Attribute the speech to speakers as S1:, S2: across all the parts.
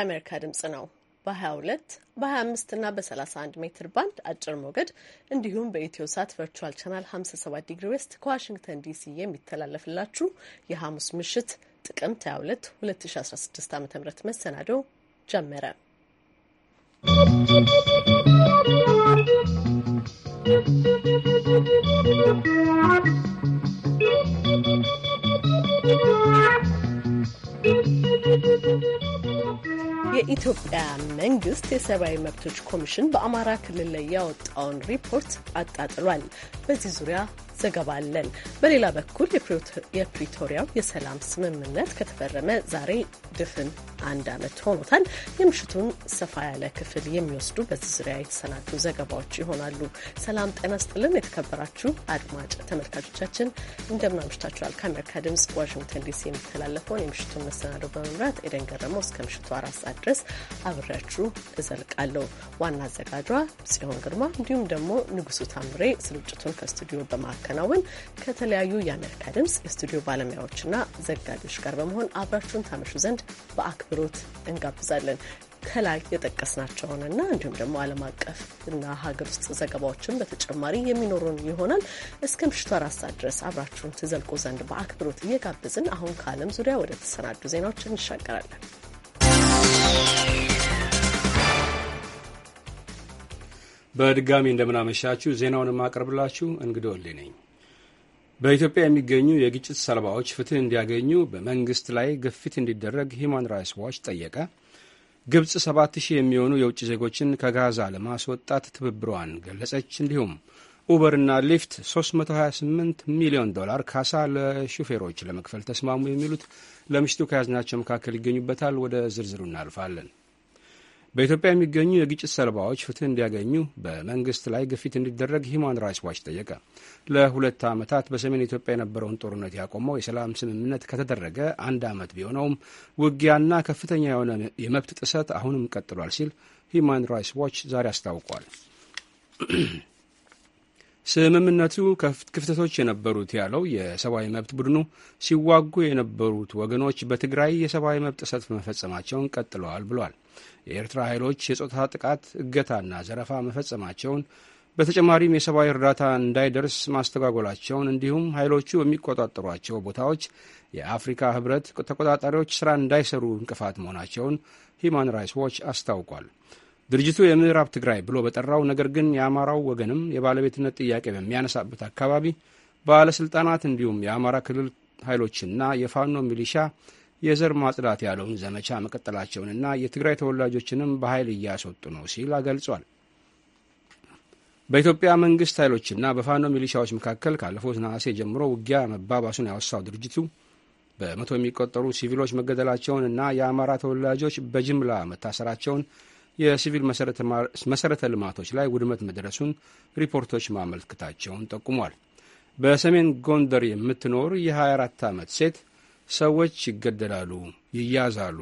S1: የአሜሪካ ድምጽ ነው። በ22 በ25 እና በ31 ሜትር ባንድ አጭር ሞገድ እንዲሁም በኢትዮ ሳት ቨርቹዋል ቻናል 57 ዲግሪ ዌስት ከዋሽንግተን ዲሲ የሚተላለፍላችሁ የሐሙስ ምሽት ጥቅምት 22 2016 ዓ ም መሰናዶ ጀመረ። ¶¶ የኢትዮጵያ መንግስት የሰብአዊ መብቶች ኮሚሽን በአማራ ክልል ላይ ያወጣውን ሪፖርት አጣጥሏል። በዚህ ዙሪያ ዘገባ አለን። በሌላ በኩል የፕሪቶሪያው የሰላም ስምምነት ከተፈረመ ዛሬ ድፍን አንድ ዓመት ሆኖታል። የምሽቱን ሰፋ ያለ ክፍል የሚወስዱ በዚህ ዙሪያ የተሰናዱ ዘገባዎች ይሆናሉ። ሰላም ጤና ስጥልን። የተከበራችሁ አድማጭ ተመልካቾቻችን እንደምን አምሽታችኋል። ከአሜሪካ ድምጽ ዋሽንግተን ዲሲ የሚተላለፈውን የምሽቱን መሰናዶ በመምራት ኤደን ገረመው እስከ ምሽቱ አራት ሰዓት ድረስ አብሬያችሁ እዘልቃለሁ። ዋና አዘጋጇ ጽዮን ግርማ እንዲሁም ደግሞ ንጉሱ ታምሬ ስርጭቱን ከስቱዲዮ በማካል ስናከናውን ከተለያዩ የአሜሪካ ድምፅ የስቱዲዮ ባለሙያዎችና ዘጋቢዎች ጋር በመሆን አብራችሁን ታመሹ ዘንድ በአክብሮት እንጋብዛለን። ከላይ የጠቀስናቸውንና እንዲሁም ደግሞ ዓለም አቀፍ እና ሀገር ውስጥ ዘገባዎችን በተጨማሪ የሚኖሩን ይሆናል። እስከ ምሽቱ አራት ሰዓት ድረስ አብራችሁን ትዘልቆ ዘንድ በአክብሮት እየጋበዝን አሁን ከዓለም ዙሪያ ወደ ተሰናዱ ዜናዎች እንሻገራለን።
S2: በድጋሚ እንደምናመሻችሁ ዜናውን የማቀርብላችሁ እንግዲ ወሌ ነኝ። በኢትዮጵያ የሚገኙ የግጭት ሰለባዎች ፍትህ እንዲያገኙ በመንግስት ላይ ግፊት እንዲደረግ ሂማን ራይትስ ዋች ጠየቀ። ግብጽ ሰባት ሺህ የሚሆኑ የውጭ ዜጎችን ከጋዛ ለማስወጣት ትብብሯን ገለጸች። እንዲሁም ኡበርና ሊፍት 328 ሚሊዮን ዶላር ካሳ ለሹፌሮች ለመክፈል ተስማሙ። የሚሉት ለምሽቱ ከያዝናቸው መካከል ይገኙበታል። ወደ ዝርዝሩ እናልፋለን። በኢትዮጵያ የሚገኙ የግጭት ሰለባዎች ፍትህ እንዲያገኙ በመንግስት ላይ ግፊት እንዲደረግ ሂማን ራይትስ ዋች ጠየቀ። ለሁለት ዓመታት በሰሜን ኢትዮጵያ የነበረውን ጦርነት ያቆመው የሰላም ስምምነት ከተደረገ አንድ ዓመት ቢሆነውም ውጊያና ከፍተኛ የሆነ የመብት ጥሰት አሁንም ቀጥሏል ሲል ሂማን ራይትስ ዋች ዛሬ አስታውቋል። ስምምነቱ ክፍተቶች የነበሩት ያለው የሰብአዊ መብት ቡድኑ ሲዋጉ የነበሩት ወገኖች በትግራይ የሰብአዊ መብት ጥሰት መፈጸማቸውን ቀጥለዋል ብሏል። የኤርትራ ኃይሎች የጾታ ጥቃት፣ እገታና ዘረፋ መፈጸማቸውን በተጨማሪም የሰብአዊ እርዳታ እንዳይደርስ ማስተጓጎላቸውን እንዲሁም ኃይሎቹ በሚቆጣጠሯቸው ቦታዎች የአፍሪካ ህብረት ተቆጣጣሪዎች ስራ እንዳይሰሩ እንቅፋት መሆናቸውን ሂማን ራይትስ ዎች አስታውቋል። ድርጅቱ የምዕራብ ትግራይ ብሎ በጠራው ነገር ግን የአማራው ወገንም የባለቤትነት ጥያቄ በሚያነሳበት አካባቢ ባለሥልጣናት እንዲሁም የአማራ ክልል ኃይሎችና የፋኖ ሚሊሻ የዘር ማጽዳት ያለውን ዘመቻ መቀጠላቸውንና የትግራይ ተወላጆችንም በኃይል እያስወጡ ነው ሲል ገልጿል። በኢትዮጵያ መንግስት ኃይሎችና በፋኖ ሚሊሻዎች መካከል ካለፈው ነሐሴ ጀምሮ ውጊያ መባባሱን ያወሳው ድርጅቱ በመቶ የሚቆጠሩ ሲቪሎች መገደላቸውንና የአማራ ተወላጆች በጅምላ መታሰራቸውን የሲቪል መሠረተ ልማቶች ላይ ውድመት መድረሱን ሪፖርቶች ማመልከታቸውን ጠቁሟል። በሰሜን ጎንደር የምትኖር የ24 ዓመት ሴት ሰዎች ይገደላሉ፣ ይያዛሉ፣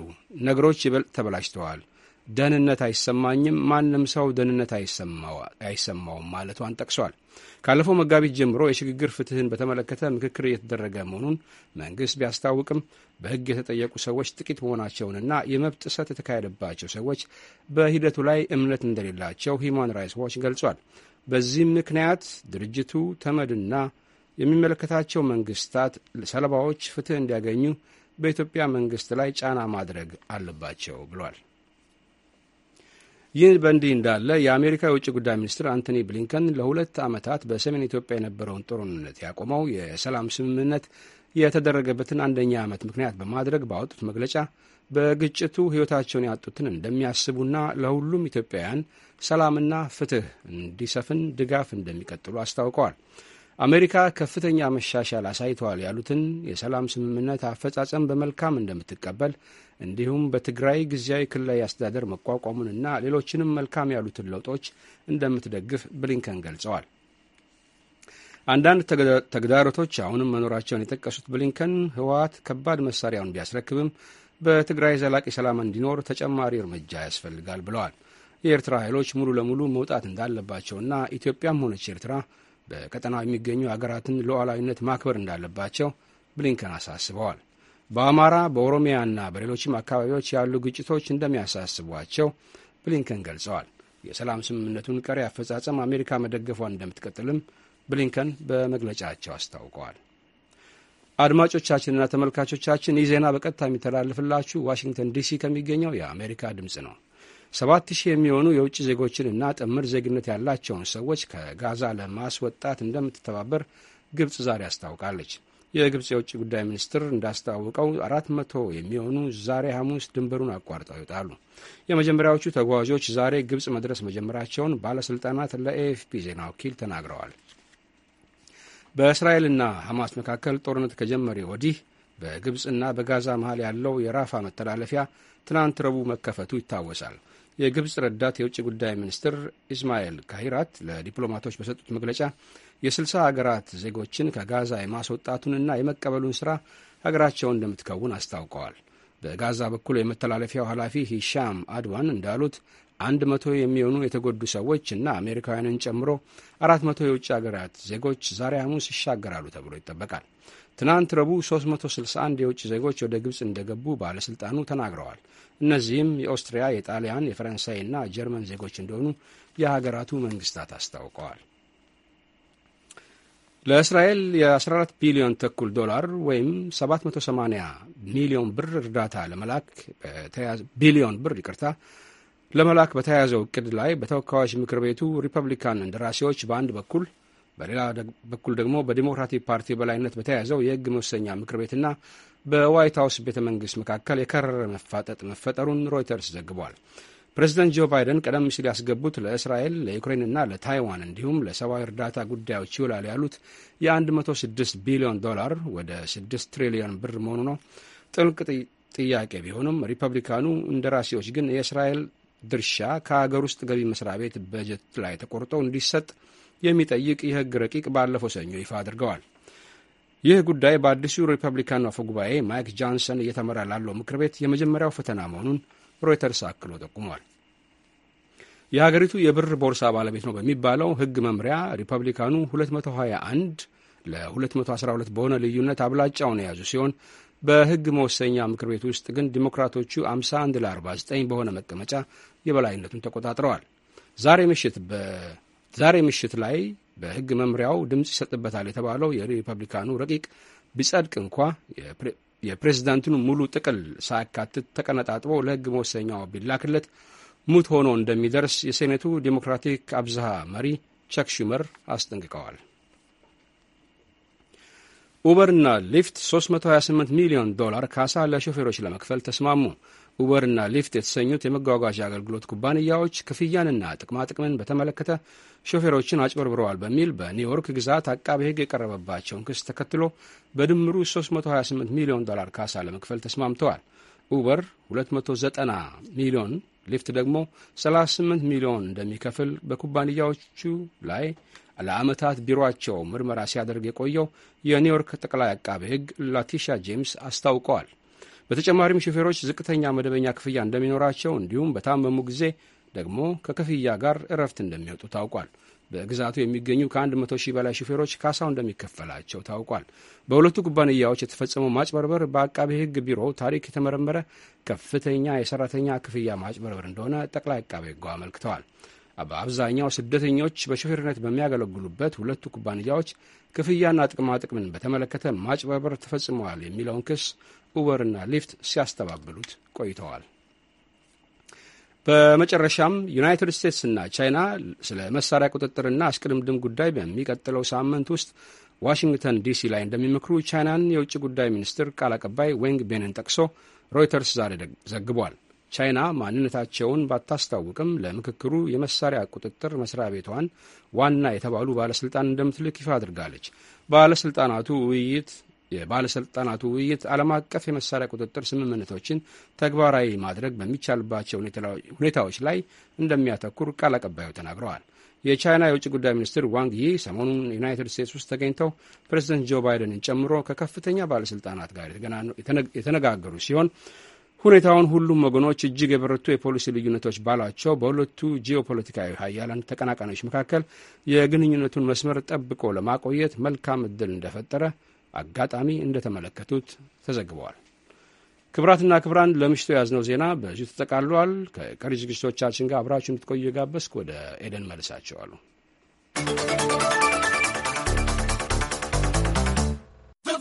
S2: ነገሮች ይበልጥ ተበላሽተዋል፣ ደህንነት አይሰማኝም፣ ማንም ሰው ደህንነት አይሰማውም ማለቷን ጠቅሷል። ካለፈው መጋቢት ጀምሮ የሽግግር ፍትህን በተመለከተ ምክክር እየተደረገ መሆኑን መንግስት ቢያስታውቅም በህግ የተጠየቁ ሰዎች ጥቂት መሆናቸውንና የመብት ጥሰት የተካሄደባቸው ሰዎች በሂደቱ ላይ እምነት እንደሌላቸው ሂማን ራይትስ ዋች ገልጿል። በዚህም ምክንያት ድርጅቱ ተመድና የሚመለከታቸው መንግስታት ሰለባዎች ፍትህ እንዲያገኙ በኢትዮጵያ መንግስት ላይ ጫና ማድረግ አለባቸው ብሏል። ይህ በእንዲህ እንዳለ የአሜሪካ የውጭ ጉዳይ ሚኒስትር አንቶኒ ብሊንከን ለሁለት ዓመታት በሰሜን ኢትዮጵያ የነበረውን ጦርነት ያቆመው የሰላም ስምምነት የተደረገበትን አንደኛ ዓመት ምክንያት በማድረግ ባወጡት መግለጫ በግጭቱ ሕይወታቸውን ያጡትን እንደሚያስቡና ለሁሉም ኢትዮጵያውያን ሰላምና ፍትህ እንዲሰፍን ድጋፍ እንደሚቀጥሉ አስታውቀዋል። አሜሪካ ከፍተኛ መሻሻል አሳይተዋል ያሉትን የሰላም ስምምነት አፈጻጸም በመልካም እንደምትቀበል እንዲሁም በትግራይ ጊዜያዊ ክልላዊ አስተዳደር መቋቋሙንና ሌሎችንም መልካም ያሉትን ለውጦች እንደምትደግፍ ብሊንከን ገልጸዋል። አንዳንድ ተግዳሮቶች አሁንም መኖራቸውን የጠቀሱት ብሊንከን ህወሓት ከባድ መሳሪያውን ቢያስረክብም በትግራይ ዘላቂ ሰላም እንዲኖር ተጨማሪ እርምጃ ያስፈልጋል ብለዋል። የኤርትራ ኃይሎች ሙሉ ለሙሉ መውጣት እንዳለባቸውና ኢትዮጵያም ሆነች ኤርትራ በቀጠናው የሚገኙ አገራትን ሉዓላዊነት ማክበር እንዳለባቸው ብሊንከን አሳስበዋል። በአማራ በኦሮሚያና በሌሎችም አካባቢዎች ያሉ ግጭቶች እንደሚያሳስቧቸው ብሊንከን ገልጸዋል። የሰላም ስምምነቱን ቀሪ አፈጻጸም አሜሪካ መደገፏን እንደምትቀጥልም ብሊንከን በመግለጫቸው አስታውቀዋል። አድማጮቻችንና ተመልካቾቻችን ይህ ዜና በቀጥታ የሚተላልፍላችሁ ዋሽንግተን ዲሲ ከሚገኘው የአሜሪካ ድምፅ ነው። ሰባት ሺህ የሚሆኑ የውጭ ዜጎችንና ጥምር ዜግነት ያላቸውን ሰዎች ከጋዛ ለማስወጣት እንደምትተባበር ግብጽ ዛሬ አስታውቃለች። የግብጽ የውጭ ጉዳይ ሚኒስትር እንዳስታወቀው አራት መቶ የሚሆኑ ዛሬ ሐሙስ ድንበሩን አቋርጠው ይወጣሉ። የመጀመሪያዎቹ ተጓዦች ዛሬ ግብጽ መድረስ መጀመራቸውን ባለሥልጣናት ለኤኤፍፒ ዜና ወኪል ተናግረዋል። በእስራኤልና ሐማስ መካከል ጦርነት ከጀመረ ወዲህ በግብፅና በጋዛ መሃል ያለው የራፋ መተላለፊያ ትናንት ረቡዕ መከፈቱ ይታወሳል። የግብፅ ረዳት የውጭ ጉዳይ ሚኒስትር ኢስማኤል ካሂራት ለዲፕሎማቶች በሰጡት መግለጫ የስልሳ ሀገራት ዜጎችን ከጋዛ የማስወጣቱንና የመቀበሉን ስራ ሀገራቸውን እንደምትከውን አስታውቀዋል። በጋዛ በኩል የመተላለፊያው ኃላፊ ሂሻም አድዋን እንዳሉት አንድ መቶ የሚሆኑ የተጎዱ ሰዎች እና አሜሪካውያንን ጨምሮ አራት መቶ የውጭ ሀገራት ዜጎች ዛሬ ሐሙስ ይሻገራሉ ተብሎ ይጠበቃል። ትናንት ረቡዕ 361 የውጭ ዜጎች ወደ ግብፅ እንደገቡ ባለሥልጣኑ ተናግረዋል። እነዚህም የኦስትሪያ፣ የጣሊያን፣ የፈረንሳይና ጀርመን ዜጎች እንደሆኑ የሀገራቱ መንግስታት አስታውቀዋል። ለእስራኤል የ14 ቢሊዮን ተኩል ዶላር ወይም 780 ሚሊዮን ብር እርዳታ ለመላክ ቢሊዮን ብር ይቅርታ ለመላክ በተያያዘው እቅድ ላይ በተወካዮች ምክር ቤቱ ሪፐብሊካን እንደራሴዎች በአንድ በኩል በሌላ በኩል ደግሞ በዲሞክራቲክ ፓርቲ በላይነት በተያያዘው የህግ መወሰኛ ምክር ቤትና በዋይት ሀውስ ቤተ መንግስት መካከል የከረረ መፋጠጥ መፈጠሩን ሮይተርስ ዘግቧል። ፕሬዚደንት ጆ ባይደን ቀደም ሲል ያስገቡት ለእስራኤል ለዩክሬንና ለታይዋን እንዲሁም ለሰብአዊ እርዳታ ጉዳዮች ይውላል ያሉት የ106 ቢሊዮን ዶላር ወደ 6 ትሪሊዮን ብር መሆኑ ነው ጥልቅ ጥያቄ ቢሆንም ሪፐብሊካኑ እንደራሴዎች ግን የእስራኤል ድርሻ ከሀገር ውስጥ ገቢ መስሪያ ቤት በጀት ላይ ተቆርጦ እንዲሰጥ የሚጠይቅ የህግ ረቂቅ ባለፈው ሰኞ ይፋ አድርገዋል። ይህ ጉዳይ በአዲሱ ሪፐብሊካን አፈ ጉባኤ ማይክ ጃንሰን እየተመራ ላለው ምክር ቤት የመጀመሪያው ፈተና መሆኑን ሮይተርስ አክሎ ጠቁሟል። የሀገሪቱ የብር ቦርሳ ባለቤት ነው በሚባለው ህግ መምሪያ ሪፐብሊካኑ 221 ለ212 በሆነ ልዩነት አብላጫውን የያዙ ሲሆን በህግ መወሰኛ ምክር ቤት ውስጥ ግን ዲሞክራቶቹ 51 ለ49 በሆነ መቀመጫ የበላይነቱን ተቆጣጥረዋል። ዛሬ ምሽት ዛሬ ምሽት ላይ በሕግ መምሪያው ድምፅ ይሰጥበታል የተባለው የሪፐብሊካኑ ረቂቅ ቢጸድቅ እንኳ የፕሬዝዳንቱን ሙሉ ጥቅል ሳያካትት ተቀነጣጥቦ ለሕግ መወሰኛው ቢላክለት ሙት ሆኖ እንደሚደርስ የሴኔቱ ዴሞክራቲክ አብዝሃ መሪ ቸክ ሹመር አስጠንቅቀዋል። ኡበርና ሊፍት 328 ሚሊዮን ዶላር ካሳ ለሾፌሮች ለመክፈል ተስማሙ። ኡበርና ሊፍት የተሰኙት የመጓጓዣ አገልግሎት ኩባንያዎች ክፍያንና ጥቅማጥቅምን በተመለከተ ሾፌሮችን አጭበርብረዋል በሚል በኒውዮርክ ግዛት አቃቤ ሕግ የቀረበባቸውን ክስ ተከትሎ በድምሩ 328 ሚሊዮን ዶላር ካሳ ለመክፈል ተስማምተዋል። ኡበር 290 ሚሊዮን፣ ሊፍት ደግሞ 38 ሚሊዮን እንደሚከፍል በኩባንያዎቹ ላይ ለዓመታት ቢሮቸው ምርመራ ሲያደርግ የቆየው የኒውዮርክ ጠቅላይ አቃቤ ሕግ ላቲሻ ጄምስ አስታውቀዋል። በተጨማሪም ሾፌሮች ዝቅተኛ መደበኛ ክፍያ እንደሚኖራቸው እንዲሁም በታመሙ ጊዜ ደግሞ ከክፍያ ጋር እረፍት እንደሚወጡ ታውቋል። በግዛቱ የሚገኙ ከ መቶ ሺህ በላይ ሹፌሮች ካሳው እንደሚከፈላቸው ታውቋል። በሁለቱ ኩባንያዎች የተፈጸመው ማጭበርበር በአቃቤ ሕግ ቢሮ ታሪክ የተመረመረ ከፍተኛ የሰራተኛ ክፍያ ማጭበርበር እንደሆነ ጠቅላይ አቃቤ ሕጉ አመልክተዋል። በአብዛኛው ስደተኞች በሹፌርነት በሚያገለግሉበት ሁለቱ ኩባንያዎች ክፍያና ጥቅማጥቅምን በተመለከተ ማጭበርበር ተፈጽመዋል የሚለውን ክስ ኡበርና ሊፍት ሲያስተባብሉት ቆይተዋል። በመጨረሻም ዩናይትድ ስቴትስና ቻይና ስለ መሳሪያ ቁጥጥርና አስቅድምድም ጉዳይ በሚቀጥለው ሳምንት ውስጥ ዋሽንግተን ዲሲ ላይ እንደሚመክሩ ቻይናን የውጭ ጉዳይ ሚኒስትር ቃል አቀባይ ዌንግ ቤንን ጠቅሶ ሮይተርስ ዛሬ ዘግቧል። ቻይና ማንነታቸውን ባታስታውቅም ለምክክሩ የመሳሪያ ቁጥጥር መስሪያ ቤቷን ዋና የተባሉ ባለሥልጣን እንደምትልክ ይፋ አድርጋለች። ባለሥልጣናቱ ውይይት የባለሥልጣናቱ ውይይት ዓለም አቀፍ የመሳሪያ ቁጥጥር ስምምነቶችን ተግባራዊ ማድረግ በሚቻልባቸው ሁኔታዎች ላይ እንደሚያተኩር ቃል አቀባዩ ተናግረዋል። የቻይና የውጭ ጉዳይ ሚኒስትር ዋንግ ይ ሰሞኑን ዩናይትድ ስቴትስ ውስጥ ተገኝተው ፕሬዚደንት ጆ ባይደንን ጨምሮ ከከፍተኛ ባለሥልጣናት ጋር የተነጋገሩ ሲሆን ሁኔታውን ሁሉም ወገኖች እጅግ የበረቱ የፖሊሲ ልዩነቶች ባሏቸው በሁለቱ ጂኦፖለቲካዊ ሀያላን ተቀናቃኞች መካከል የግንኙነቱን መስመር ጠብቆ ለማቆየት መልካም እድል እንደፈጠረ አጋጣሚ እንደተመለከቱት ተዘግበዋል። ክብራትና ክብራን ለምሽቱ የያዝነው ዜና በዚሁ ተጠቃልሏል። ከቀሪ ዝግጅቶቻችን ጋር አብራችሁ እንድትቆዩ የጋበስክ ወደ ኤደን መልሳቸዋሉ።
S3: The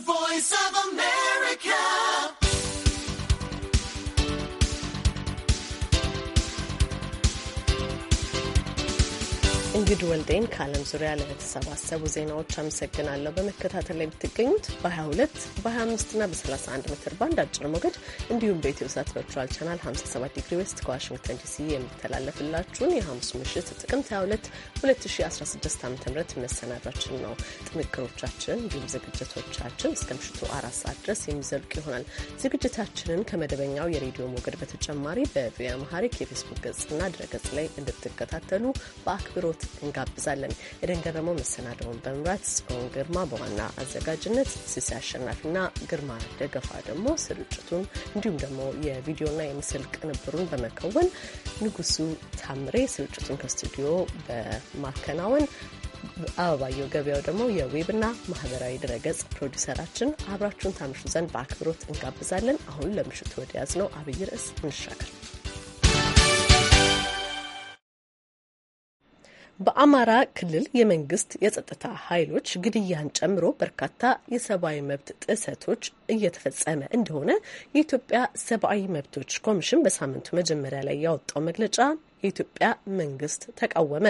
S1: እንግዲህ ወልዴን ከዓለም ዙሪያ ለተሰባሰቡ ዜናዎች አመሰግናለሁ። በመከታተል ላይ የምትገኙት በ22 በ25 ና በ31 ሜትር ባንድ አጭር ሞገድ እንዲሁም በኢትዮ ሳት ቨርቹዋል ቻናል 57 ዲግሪ ዌስት ከዋሽንግተን ዲሲ የሚተላለፍላችሁን የሐሙስ ምሽት ጥቅምት 22 2016 ዓ ም መሰናዷችን ነው። ጥንቅሮቻችን እንዲሁም ዝግጅቶቻችን እስከ ምሽቱ አራት ሰዓት ድረስ የሚዘልቅ ይሆናል። ዝግጅታችንን ከመደበኛው የሬዲዮ ሞገድ በተጨማሪ በቪያ አማርኛ የፌስቡክ ገጽና ድረገጽ ላይ እንድትከታተሉ በአክብሮት እንጋብዛለን። ኤደን ገረመው መሰናደውን በመምራት ጽዮን ግርማ በዋና አዘጋጅነት፣ ስሴ አሸናፊና ግርማ ደገፋ ደግሞ ስርጭቱን እንዲሁም ደግሞ የቪዲዮና የምስል ቅንብሩን በመከወን ንጉሱ ታምሬ ስርጭቱን ከስቱዲዮ በማከናወን አበባየው ገበያው ደግሞ የዌብና ማህበራዊ ድረገጽ ፕሮዲሰራችን አብራችሁን ታምሹ ዘንድ በአክብሮት እንጋብዛለን። አሁን ለምሽቱ ወደ ነው አብይ ርዕስ እንሻገር። በአማራ ክልል የመንግስት የጸጥታ ኃይሎች ግድያን ጨምሮ በርካታ የሰብአዊ መብት ጥሰቶች እየተፈጸመ እንደሆነ የኢትዮጵያ ሰብአዊ መብቶች ኮሚሽን በሳምንቱ መጀመሪያ ላይ ያወጣው መግለጫ የኢትዮጵያ መንግስት ተቃወመ።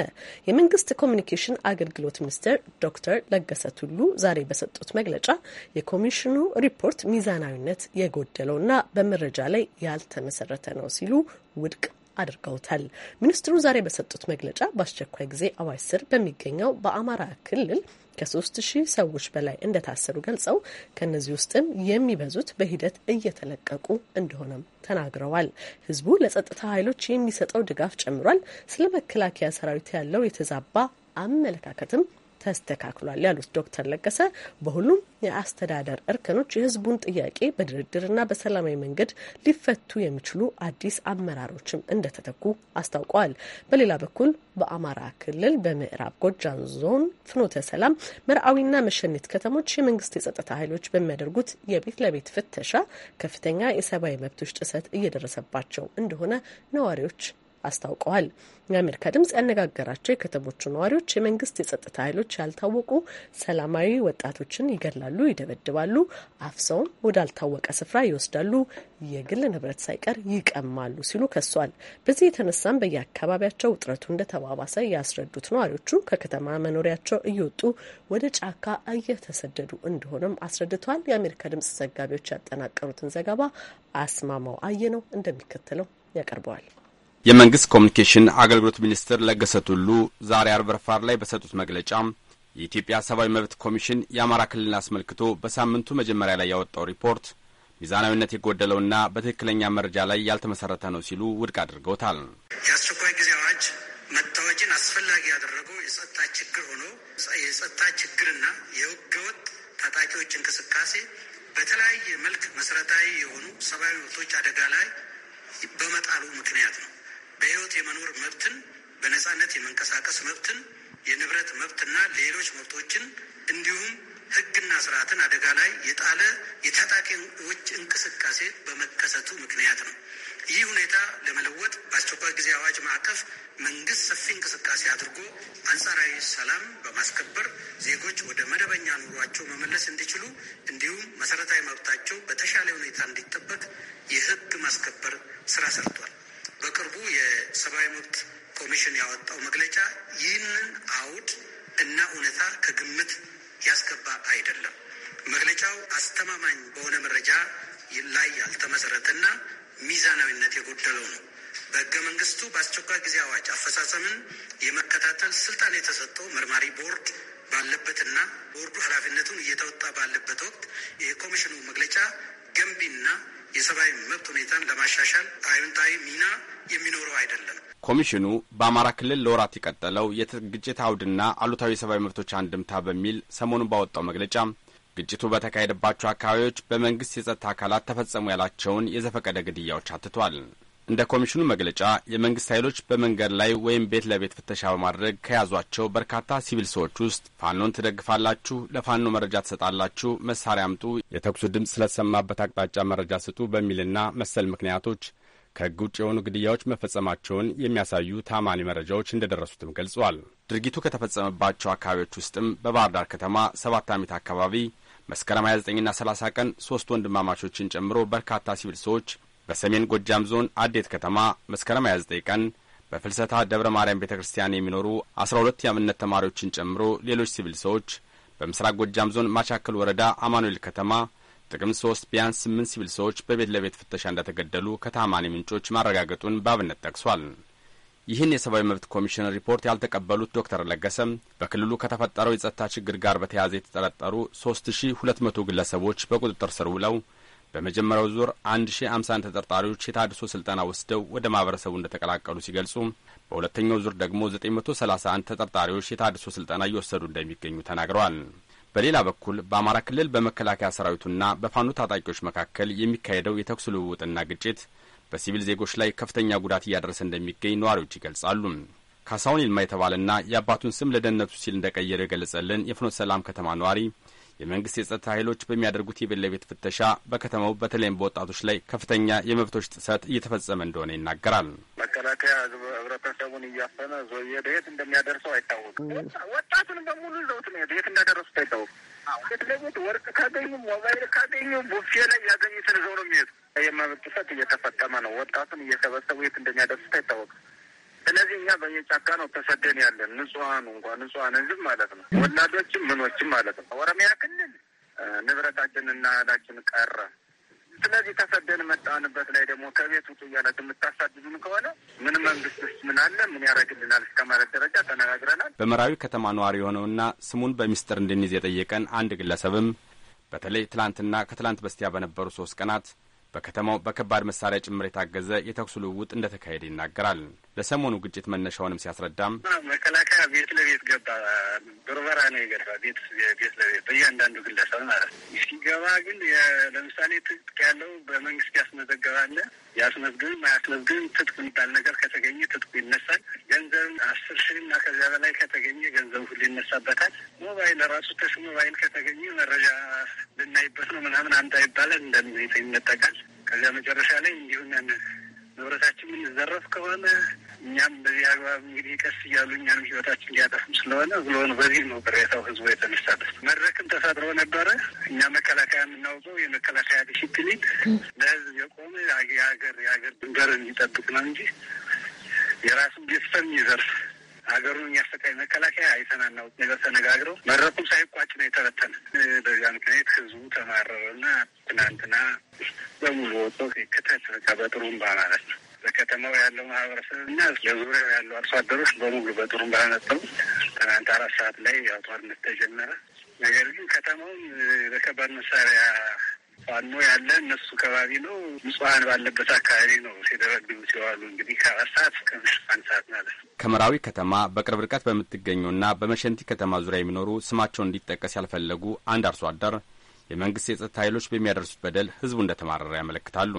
S1: የመንግስት ኮሚኒኬሽን አገልግሎት ሚኒስትር ዶክተር ለገሰ ቱሉ ዛሬ በሰጡት መግለጫ የኮሚሽኑ ሪፖርት ሚዛናዊነት የጎደለውና በመረጃ ላይ ያልተመሰረተ ነው ሲሉ ውድቅ አድርገውታል። ሚኒስትሩ ዛሬ በሰጡት መግለጫ በአስቸኳይ ጊዜ አዋጅ ስር በሚገኘው በአማራ ክልል ከሶስት ሺህ ሰዎች በላይ እንደታሰሩ ገልጸው ከእነዚህ ውስጥም የሚበዙት በሂደት እየተለቀቁ እንደሆነም ተናግረዋል። ህዝቡ ለጸጥታ ኃይሎች የሚሰጠው ድጋፍ ጨምሯል። ስለ መከላከያ ሰራዊት ያለው የተዛባ አመለካከትም ተስተካክሏል ያሉት ዶክተር ለገሰ በሁሉም የአስተዳደር እርከኖች የህዝቡን ጥያቄ በድርድርና በሰላማዊ መንገድ ሊፈቱ የሚችሉ አዲስ አመራሮችም እንደተተኩ አስታውቀዋል። በሌላ በኩል በአማራ ክልል በምዕራብ ጎጃም ዞን ፍኖተ ሰላም፣ መርአዊና መሸኒት ከተሞች የመንግስት የጸጥታ ኃይሎች በሚያደርጉት የቤት ለቤት ፍተሻ ከፍተኛ የሰብአዊ መብቶች ጥሰት እየደረሰባቸው እንደሆነ ነዋሪዎች አስታውቀዋል። የአሜሪካ ድምጽ ያነጋገራቸው የከተሞቹ ነዋሪዎች የመንግስት የጸጥታ ኃይሎች ያልታወቁ ሰላማዊ ወጣቶችን ይገድላሉ፣ ይደበድባሉ፣ አፍሰውም ወዳልታወቀ ስፍራ ይወስዳሉ፣ የግል ንብረት ሳይቀር ይቀማሉ ሲሉ ከሷል። በዚህ የተነሳም በየአካባቢያቸው ውጥረቱ እንደተባባሰ ያስረዱት ነዋሪዎቹ ከከተማ መኖሪያቸው እየወጡ ወደ ጫካ እየተሰደዱ እንደሆነም አስረድተዋል። የአሜሪካ ድምጽ ዘጋቢዎች ያጠናቀሩትን ዘገባ አስማማው አየነው እንደሚከተለው ያቀርበዋል።
S4: የመንግስት ኮሚኒኬሽን አገልግሎት ሚኒስትር ለገሰ ቱሉ ዛሬ አርብ ረፋድ ላይ በሰጡት መግለጫ የኢትዮጵያ ሰብአዊ መብት ኮሚሽን የአማራ ክልልን አስመልክቶ በሳምንቱ መጀመሪያ ላይ ያወጣው ሪፖርት ሚዛናዊነት የጎደለውና በትክክለኛ መረጃ ላይ ያልተመሰረተ ነው ሲሉ ውድቅ አድርገውታል። የአስቸኳይ ጊዜ
S5: አዋጅ መታወጅን አስፈላጊ ያደረገው የጸጥታ ችግር ሆኖ የጸጥታ ችግርና የህገወጥ ታጣቂዎች እንቅስቃሴ በተለያየ መልክ መሰረታዊ የሆኑ ሰብአዊ መብቶች አደጋ ላይ በመጣሉ ምክንያት ነው። በህይወት የመኖር መብትን፣ በነጻነት የመንቀሳቀስ መብትን፣ የንብረት መብትና ሌሎች መብቶችን እንዲሁም ህግና ስርዓትን አደጋ ላይ የጣለ የታጣቂዎች እንቅስቃሴ በመከሰቱ ምክንያት ነው። ይህ ሁኔታ ለመለወጥ በአስቸኳይ ጊዜ አዋጅ ማዕቀፍ መንግስት ሰፊ እንቅስቃሴ አድርጎ አንጻራዊ ሰላም በማስከበር ዜጎች ወደ መደበኛ ኑሯቸው መመለስ እንዲችሉ እንዲሁም መሰረታዊ መብታቸው በተሻለ ሁኔታ እንዲጠበቅ የህግ ማስከበር ስራ ሰርቷል። በቅርቡ የሰብአዊ መብት ኮሚሽን ያወጣው መግለጫ ይህንን አውድ እና እውነታ ከግምት ያስገባ አይደለም። መግለጫው አስተማማኝ በሆነ መረጃ ላይ ያልተመሰረተና ሚዛናዊነት የጎደለው ነው። በህገ መንግስቱ በአስቸኳይ ጊዜ አዋጅ አፈጻጸምን የመከታተል ስልጣን የተሰጠው መርማሪ ቦርድ ባለበትና ቦርዱ ኃላፊነቱን እየተወጣ ባለበት ወቅት የኮሚሽኑ መግለጫ ገንቢና የሰብአዊ መብት ሁኔታን ለማሻሻል አዎንታዊ
S4: ሚና የሚኖረው አይደለም። ኮሚሽኑ በአማራ ክልል ለወራት የቀጠለው የግጭት አውድና አሉታዊ የሰብአዊ መብቶች አንድምታ በሚል ሰሞኑን ባወጣው መግለጫ ግጭቱ በተካሄደባቸው አካባቢዎች በመንግስት የጸጥታ አካላት ተፈጸሙ ያላቸውን የዘፈቀደ ግድያዎች አትቷል። እንደ ኮሚሽኑ መግለጫ የመንግስት ኃይሎች በመንገድ ላይ ወይም ቤት ለቤት ፍተሻ በማድረግ ከያዟቸው በርካታ ሲቪል ሰዎች ውስጥ ፋኖን ትደግፋላችሁ፣ ለፋኖ መረጃ ትሰጣላችሁ፣ መሳሪያ አምጡ፣ የተኩሱ ድምፅ ስለተሰማበት አቅጣጫ መረጃ ስጡ በሚልና መሰል ምክንያቶች ከህግ ውጭ የሆኑ ግድያዎች መፈጸማቸውን የሚያሳዩ ታማኒ መረጃዎች እንደደረሱትም ገልጿል። ድርጊቱ ከተፈጸመባቸው አካባቢዎች ውስጥም በባህር ዳር ከተማ ሰባት አሚት አካባቢ መስከረም 29ና 30 ቀን ሶስት ወንድማማቾችን ጨምሮ በርካታ ሲቪል ሰዎች በሰሜን ጎጃም ዞን አዴት ከተማ መስከረም 29 ቀን በፍልሰታ ደብረ ማርያም ቤተ ክርስቲያን የሚኖሩ 12 የአብነት ተማሪዎችን ጨምሮ ሌሎች ሲቪል ሰዎች በምስራቅ ጎጃም ዞን ማቻከል ወረዳ አማኑኤል ከተማ ጥቅምት 3 ቢያንስ 8 ሲቪል ሰዎች በቤት ለቤት ፍተሻ እንደተገደሉ ከታማኒ ምንጮች ማረጋገጡን በአብነት ጠቅሷል። ይህን የሰብአዊ መብት ኮሚሽን ሪፖርት ያልተቀበሉት ዶክተር ለገሰም በክልሉ ከተፈጠረው የጸጥታ ችግር ጋር በተያያዘ የተጠረጠሩ 3200 ግለሰቦች በቁጥጥር ስር ውለው በመጀመሪያው ዙር 1051 ተጠርጣሪዎች የታድሶ ስልጠና ወስደው ወደ ማህበረሰቡ እንደተቀላቀሉ ሲገልጹ በሁለተኛው ዙር ደግሞ 931 ተጠርጣሪዎች የታድሶ ስልጠና እየወሰዱ እንደሚገኙ ተናግረዋል። በሌላ በኩል በአማራ ክልል በመከላከያ ሰራዊቱና በፋኖ ታጣቂዎች መካከል የሚካሄደው የተኩስ ልውውጥና ግጭት በሲቪል ዜጎች ላይ ከፍተኛ ጉዳት እያደረሰ እንደሚገኝ ነዋሪዎች ይገልጻሉ። ካሳሁን ይልማ የተባለና የአባቱን ስም ለደህንነቱ ሲል እንደቀየረ የገለጸልን የፍኖተ ሰላም ከተማ ነዋሪ የመንግስት የጸጥታ ኃይሎች በሚያደርጉት የቤት ለቤት ፍተሻ በከተማው በተለይም በወጣቶች ላይ ከፍተኛ የመብቶች ጥሰት እየተፈጸመ እንደሆነ ይናገራል።
S3: መከላከያ ህብረተሰቡን እያፈነ ዞየ የት እንደሚያደርሰው አይታወቅም። ወጣቱን በሙሉ ዘውት ነው የት እንዳደረሱት አይታወቅም። ቤት ወርቅ ካገኙ፣ ሞባይል ካገኙ ቡፌ ላይ ያገኙትን ዘው ነው የሚሄዱ። የመብት ጥሰት እየተፈጸመ ነው። ወጣቱን እየሰበሰቡ የት እንደሚያደርሱት አይታወቅም። ስለዚህ እኛ በየጫካ ነው ተሰደን ያለን ንጹሀን እንኳ ንጹሀን ህዝብ ማለት ነው ወላዶችም ምኖችም ማለት ነው። ኦሮሚያ ክልል ንብረታችንና እህላችን ቀረ። ስለዚህ ተሰደን መጣንበት ላይ ደግሞ ከቤት ውጡ እያላችሁ የምታሳድዱን ከሆነ ምን መንግስትስ ምን አለ ምን ያደርግልናል እስከ ማለት ደረጃ
S4: ተነጋግረናል። በመራዊ ከተማ ነዋሪ የሆነውና ስሙን በሚስጥር እንድንይዝ የጠየቀን አንድ ግለሰብም በተለይ ትላንትና ከትላንት በስቲያ በነበሩ ሶስት ቀናት በከተማው በከባድ መሳሪያ ጭምር የታገዘ የተኩስ ልውውጥ እንደተካሄደ ይናገራል። ለሰሞኑ ግጭት መነሻውንም ሲያስረዳም መከላከያ ቤት ለቤት ገባ። ብርበራ ነው የገባ ቤት ቤት ለቤት በእያንዳንዱ
S3: ግለሰብ ማለት ነው። ሲገባ ግን ለምሳሌ ትጥቅ ያለው በመንግስት ያስመዘገባለ ያስመዝግብም አያስመዝግብም ትጥቅ የሚባል ነገር ከተገኘ ትጥቁ ይነሳል። ገንዘብ አስር ሺህ እና ከዚያ በላይ ከተገኘ ገንዘብ ሁሉ ይነሳበታል። ሞባይል ራሱ ተሽ ሞባይል ከተገኘ መረጃ ልናይበት ነው ምናምን አንተ ይባላል እንደሚነጠቃል። ከዚያ መጨረሻ ላይ እንዲሁን ንብረታችን ይዘረፍ ከሆነ እኛም በዚህ አግባብ እንግዲህ ቀስ እያሉ እኛንም ህይወታችን ሊያጠፍም ስለሆነ ብሎን በዚህ ነው ቅሬታው ህዝቡ የተነሳበት። መድረክም ተሳድሮ ነበረ። እኛ መከላከያ የምናውቀው የመከላከያ ዲሲፕሊን ለህዝብ የቆመ የሀገር የሀገር ድንበር የሚጠብቅ ነው እንጂ የራሱን ቤተሰብ ይዘርፍ ሀገሩን የሚያሰቃይ መከላከያ አይተናናው ነገር ተነጋግረው መድረኩም ሳይቋጭ ነው የተበተነ። በዛ ምክንያት ህዝቡ ተማረረና ትናንትና በሙሉ ወጥቶ ክተት በጥሩምባ ማለት ነው በከተማው ያለው ማህበረሰብ እና ለዙሪያው ያሉ አርሶ አደሮች በሙሉ በጥሩምባ ነጠው። ትናንት አራት ሰዓት ላይ ያው ጦርነት ተጀመረ። ነገር ግን ከተማውን በከባድ መሳሪያ ፋኖ ያለ እነሱ ከባቢ ነው፣ ንጹሀን ባለበት አካባቢ ነው ሲደበድቡ ሲዋሉ። እንግዲህ ከአራት ሰዓት እስከ ምሽት አንድ ሰዓት ማለት
S4: ነው። ከመራዊ ከተማ በቅርብ ርቀት በምትገኘውና በመሸንቲ ከተማ ዙሪያ የሚኖሩ ስማቸው እንዲጠቀስ ያልፈለጉ አንድ አርሶ አደር የመንግስት የጸጥታ ኃይሎች በሚያደርሱት በደል ህዝቡ እንደተማረረ ያመለክታሉ።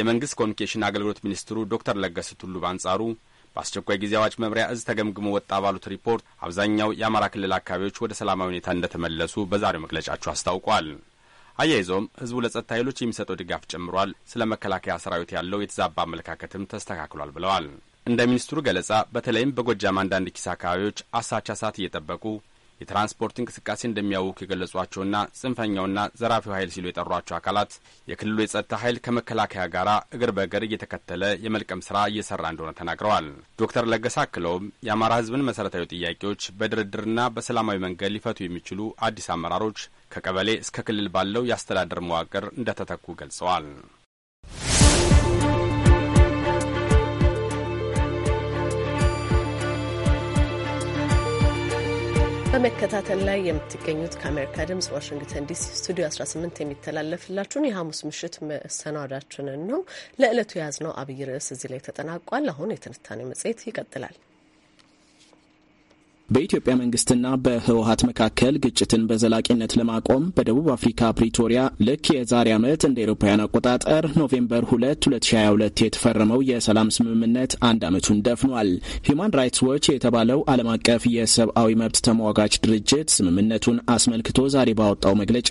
S4: የመንግስት ኮሚኒኬሽን አገልግሎት ሚኒስትሩ ዶክተር ለገሰ ቱሉ በአንጻሩ በአስቸኳይ ጊዜ አዋጅ መምሪያ እዝ ተገምግሞ ወጣ ባሉት ሪፖርት አብዛኛው የአማራ ክልል አካባቢዎች ወደ ሰላማዊ ሁኔታ እንደተመለሱ በዛሬው መግለጫቸው አስታውቋል። አያይዘውም ህዝቡ ለጸጥታ ኃይሎች የሚሰጠው ድጋፍ ጨምሯል፣ ስለ መከላከያ ሰራዊት ያለው የተዛባ አመለካከትም ተስተካክሏል ብለዋል። እንደ ሚኒስትሩ ገለጻ በተለይም በጎጃም አንዳንድ ኪስ አካባቢዎች አሳቻ ሰዓት እየጠበቁ የትራንስፖርት እንቅስቃሴ እንደሚያውክ የገለጿቸውና ጽንፈኛውና ዘራፊው ኃይል ሲሉ የጠሯቸው አካላት የክልሉ የጸጥታ ኃይል ከመከላከያ ጋር እግር በእግር እየተከተለ የመልቀም ስራ እየሰራ እንደሆነ ተናግረዋል። ዶክተር ለገሳ አክለውም የአማራ ህዝብን መሰረታዊ ጥያቄዎች በድርድርና በሰላማዊ መንገድ ሊፈቱ የሚችሉ አዲስ አመራሮች ከቀበሌ እስከ ክልል ባለው የአስተዳደር መዋቅር እንደተተኩ ገልጸዋል።
S1: በመከታተል ላይ የምትገኙት ከአሜሪካ ድምጽ ዋሽንግተን ዲሲ ስቱዲዮ 18 የሚተላለፍላችሁን የሐሙስ ምሽት መሰናዳችንን ነው። ለዕለቱ የያዝነው አብይ ርዕስ እዚህ ላይ ተጠናቋል። አሁን የትንታኔ መጽሔት ይቀጥላል።
S6: በኢትዮጵያ መንግስትና በህወሀት መካከል ግጭትን በዘላቂነት ለማቆም በደቡብ አፍሪካ ፕሪቶሪያ ልክ የዛሬ ዓመት እንደ ኤሮፓውያን አቆጣጠር ኖቬምበር 2 2022 የተፈረመው የሰላም ስምምነት አንድ ዓመቱን ደፍኗል። ሂዩማን ራይትስ ዎች የተባለው ዓለም አቀፍ የሰብአዊ መብት ተሟጋች ድርጅት ስምምነቱን አስመልክቶ ዛሬ ባወጣው መግለጫ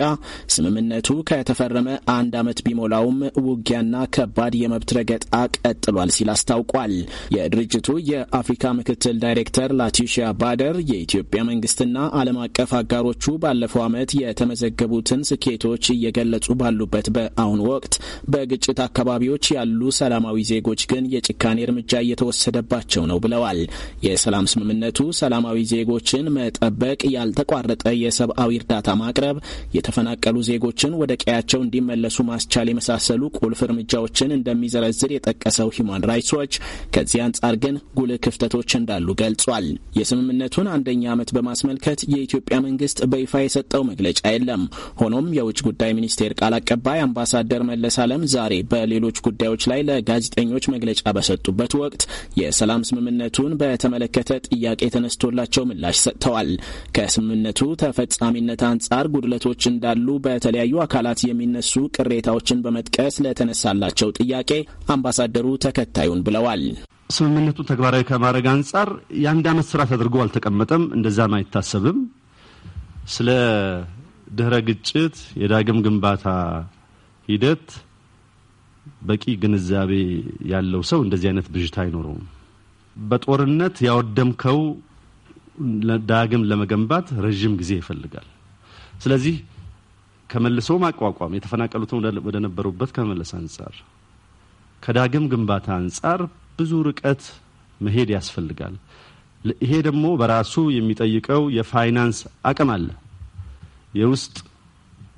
S6: ስምምነቱ ከተፈረመ አንድ ዓመት ቢሞላውም ውጊያና ከባድ የመብት ረገጣ ቀጥሏል ሲል አስታውቋል። የድርጅቱ የአፍሪካ ምክትል ዳይሬክተር ላቲሺያ ባደ ባሻገር የኢትዮጵያ መንግስትና ዓለም አቀፍ አጋሮቹ ባለፈው ዓመት የተመዘገቡትን ስኬቶች እየገለጹ ባሉበት በአሁኑ ወቅት በግጭት አካባቢዎች ያሉ ሰላማዊ ዜጎች ግን የጭካኔ እርምጃ እየተወሰደባቸው ነው ብለዋል። የሰላም ስምምነቱ ሰላማዊ ዜጎችን መጠበቅ፣ ያልተቋረጠ የሰብአዊ እርዳታ ማቅረብ፣ የተፈናቀሉ ዜጎችን ወደ ቀያቸው እንዲመለሱ ማስቻል የመሳሰሉ ቁልፍ እርምጃዎችን እንደሚዘረዝር የጠቀሰው ሂማን ራይትስ ዎች ከዚህ አንጻር ግን ጉልህ ክፍተቶች እንዳሉ ገልጿል። የስምምነቱ የሀገሪቱን አንደኛ ዓመት በማስመልከት የኢትዮጵያ መንግስት በይፋ የሰጠው መግለጫ የለም። ሆኖም የውጭ ጉዳይ ሚኒስቴር ቃል አቀባይ አምባሳደር መለስ አለም ዛሬ በሌሎች ጉዳዮች ላይ ለጋዜጠኞች መግለጫ በሰጡበት ወቅት የሰላም ስምምነቱን በተመለከተ ጥያቄ ተነስቶላቸው ምላሽ ሰጥተዋል። ከስምምነቱ ተፈጻሚነት አንጻር ጉድለቶች እንዳሉ በተለያዩ አካላት የሚነሱ ቅሬታዎችን በመጥቀስ ለተነሳላቸው ጥያቄ አምባሳደሩ ተከታዩን ብለዋል።
S7: ስምምነቱን ተግባራዊ ከማድረግ አንጻር የአንድ ዓመት ስራ ተደርጎ አልተቀመጠም፣ እንደዛም አይታሰብም። ስለ ድህረ ግጭት የዳግም ግንባታ ሂደት በቂ ግንዛቤ ያለው ሰው እንደዚህ አይነት ብዥታ አይኖረውም። በጦርነት ያወደምከው ዳግም ለመገንባት ረዥም ጊዜ ይፈልጋል። ስለዚህ ከመልሶ ማቋቋም የተፈናቀሉትን ወደነበሩበት ከመለስ ከመመለስ አንጻር ከዳግም ግንባታ አንጻር ብዙ ርቀት መሄድ ያስፈልጋል። ይሄ ደግሞ በራሱ የሚጠይቀው የፋይናንስ አቅም አለ፣ የውስጥ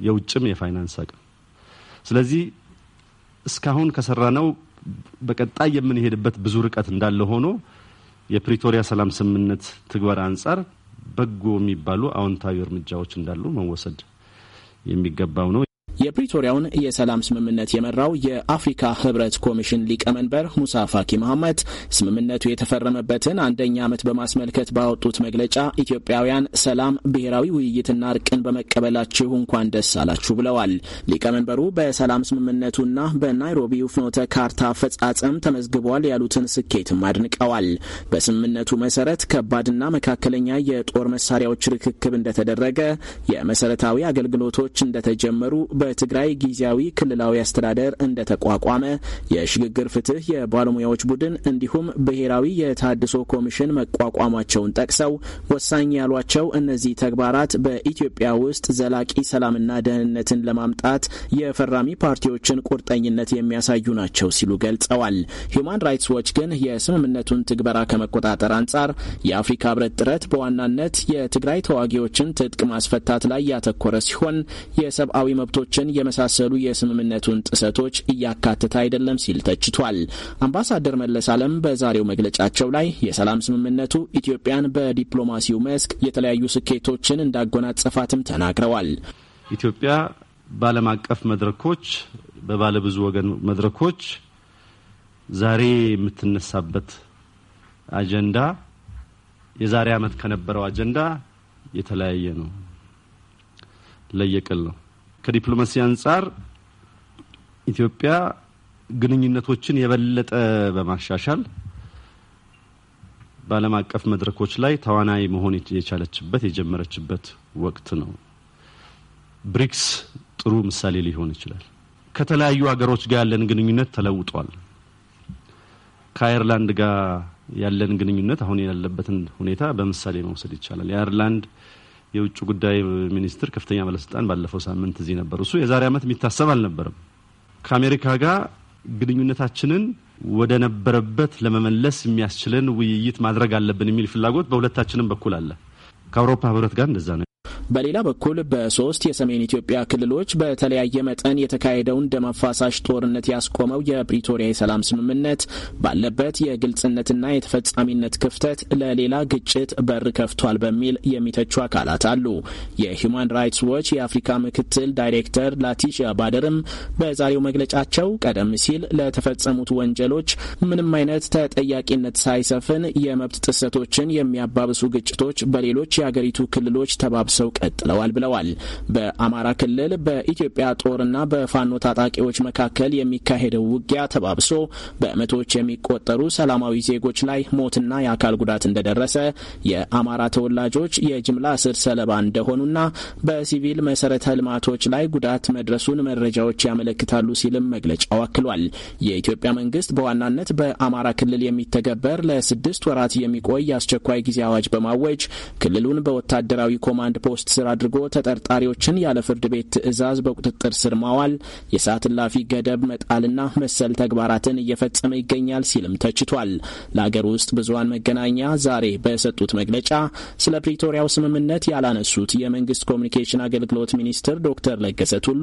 S7: የውጭም የፋይናንስ አቅም። ስለዚህ እስካሁን ከሰራነው በቀጣይ የምንሄድበት ብዙ ርቀት እንዳለ ሆኖ የፕሪቶሪያ ሰላም ስምምነት ትግበር አንጻር በጎ የሚባሉ አዎንታዊ እርምጃዎች እንዳሉ
S6: መወሰድ የሚገባው ነው። የፕሪቶሪያውን የሰላም ስምምነት የመራው የአፍሪካ ህብረት ኮሚሽን ሊቀመንበር ሙሳ ፋኪ መሐመድ ስምምነቱ የተፈረመበትን አንደኛ ዓመት በማስመልከት ባወጡት መግለጫ ኢትዮጵያውያን ሰላም፣ ብሔራዊ ውይይትና እርቅን በመቀበላችሁ እንኳን ደስ አላችሁ ብለዋል። ሊቀመንበሩ በሰላም ስምምነቱና በናይሮቢው ፍኖተ ካርታ አፈጻጸም ተመዝግቧል ያሉትን ስኬትም አድንቀዋል። በስምምነቱ መሰረት ከባድና መካከለኛ የጦር መሳሪያዎች ርክክብ እንደተደረገ፣ የመሰረታዊ አገልግሎቶች እንደተጀመሩ በት የትግራይ ጊዜያዊ ክልላዊ አስተዳደር እንደተቋቋመ የሽግግር ፍትህ የባለሙያዎች ቡድን እንዲሁም ብሔራዊ የታድሶ ኮሚሽን መቋቋማቸውን ጠቅሰው ወሳኝ ያሏቸው እነዚህ ተግባራት በኢትዮጵያ ውስጥ ዘላቂ ሰላምና ደህንነትን ለማምጣት የፈራሚ ፓርቲዎችን ቁርጠኝነት የሚያሳዩ ናቸው ሲሉ ገልጸዋል። ሂዩማን ራይትስ ዎች ግን የስምምነቱን ትግበራ ከመቆጣጠር አንጻር የአፍሪካ ህብረት ጥረት በዋናነት የትግራይ ተዋጊዎችን ትጥቅ ማስፈታት ላይ ያተኮረ ሲሆን የሰብአዊ መብቶችን የመሳሰሉ የስምምነቱን ጥሰቶች እያካተተ አይደለም ሲል ተችቷል። አምባሳደር መለስ አለም በዛሬው መግለጫቸው ላይ የሰላም ስምምነቱ ኢትዮጵያን በዲፕሎማሲው መስክ የተለያዩ ስኬቶችን እንዳጎናጸፋትም ተናግረዋል።
S7: ኢትዮጵያ በዓለም አቀፍ መድረኮች በባለብዙ ወገን መድረኮች ዛሬ የምትነሳበት አጀንዳ የዛሬ ዓመት ከነበረው አጀንዳ የተለያየ ነው፣ ለየቅል ነው። ከዲፕሎማሲ አንጻር ኢትዮጵያ ግንኙነቶችን የበለጠ በማሻሻል በዓለም አቀፍ መድረኮች ላይ ተዋናይ መሆን የቻለችበት የጀመረችበት ወቅት ነው። ብሪክስ ጥሩ ምሳሌ ሊሆን ይችላል። ከተለያዩ ሀገሮች ጋር ያለን ግንኙነት ተለውጧል። ከአየርላንድ ጋር ያለን ግንኙነት አሁን ያለበትን ሁኔታ በምሳሌ መውሰድ ይቻላል። የአየርላንድ የውጭ ጉዳይ ሚኒስትር ከፍተኛ ባለስልጣን ባለፈው ሳምንት እዚህ ነበር። እሱ የዛሬ ዓመት የሚታሰብ አልነበረም። ከአሜሪካ ጋር ግንኙነታችንን ወደ ነበረበት ለመመለስ የሚያስችለን ውይይት ማድረግ አለብን የሚል ፍላጎት በሁለታችንም በኩል አለ። ከአውሮፓ ህብረት ጋር እንደዛ ነው።
S6: በሌላ በኩል በሶስት የሰሜን ኢትዮጵያ ክልሎች በተለያየ መጠን የተካሄደውን ደም አፋሳሽ ጦርነት ያስቆመው የፕሪቶሪያ የሰላም ስምምነት ባለበት የግልጽነትና የተፈጻሚነት ክፍተት ለሌላ ግጭት በር ከፍቷል በሚል የሚተቹ አካላት አሉ። የሂዩማን ራይትስ ዎች የአፍሪካ ምክትል ዳይሬክተር ላቲሺያ ባደርም በዛሬው መግለጫቸው ቀደም ሲል ለተፈጸሙት ወንጀሎች ምንም አይነት ተጠያቂነት ሳይሰፍን የመብት ጥሰቶችን የሚያባብሱ ግጭቶች በሌሎች የአገሪቱ ክልሎች ተባብሰው ቀጥለዋል ብለዋል። በአማራ ክልል በኢትዮጵያ ጦርና በፋኖ ታጣቂዎች መካከል የሚካሄደው ውጊያ ተባብሶ በመቶዎች የሚቆጠሩ ሰላማዊ ዜጎች ላይ ሞትና የአካል ጉዳት እንደደረሰ የአማራ ተወላጆች የጅምላ እስር ሰለባ እንደሆኑና በሲቪል መሰረተ ልማቶች ላይ ጉዳት መድረሱን መረጃዎች ያመለክታሉ ሲልም መግለጫው አክሏል። የኢትዮጵያ መንግስት በዋናነት በአማራ ክልል የሚተገበር ለስድስት ወራት የሚቆይ የአስቸኳይ ጊዜ አዋጅ በማወጅ ክልሉን በወታደራዊ ኮማንድ ፖስት ስር አድርጎ ተጠርጣሪዎችን ያለ ፍርድ ቤት ትዕዛዝ በቁጥጥር ስር ማዋል፣ የሰዓት እላፊ ገደብ መጣልና መሰል ተግባራትን እየፈጸመ ይገኛል ሲልም ተችቷል። ለአገር ውስጥ ብዙሀን መገናኛ ዛሬ በሰጡት መግለጫ ስለ ፕሪቶሪያው ስምምነት ያላነሱት የመንግስት ኮሚኒኬሽን አገልግሎት ሚኒስትር ዶክተር ለገሰ ቱሉ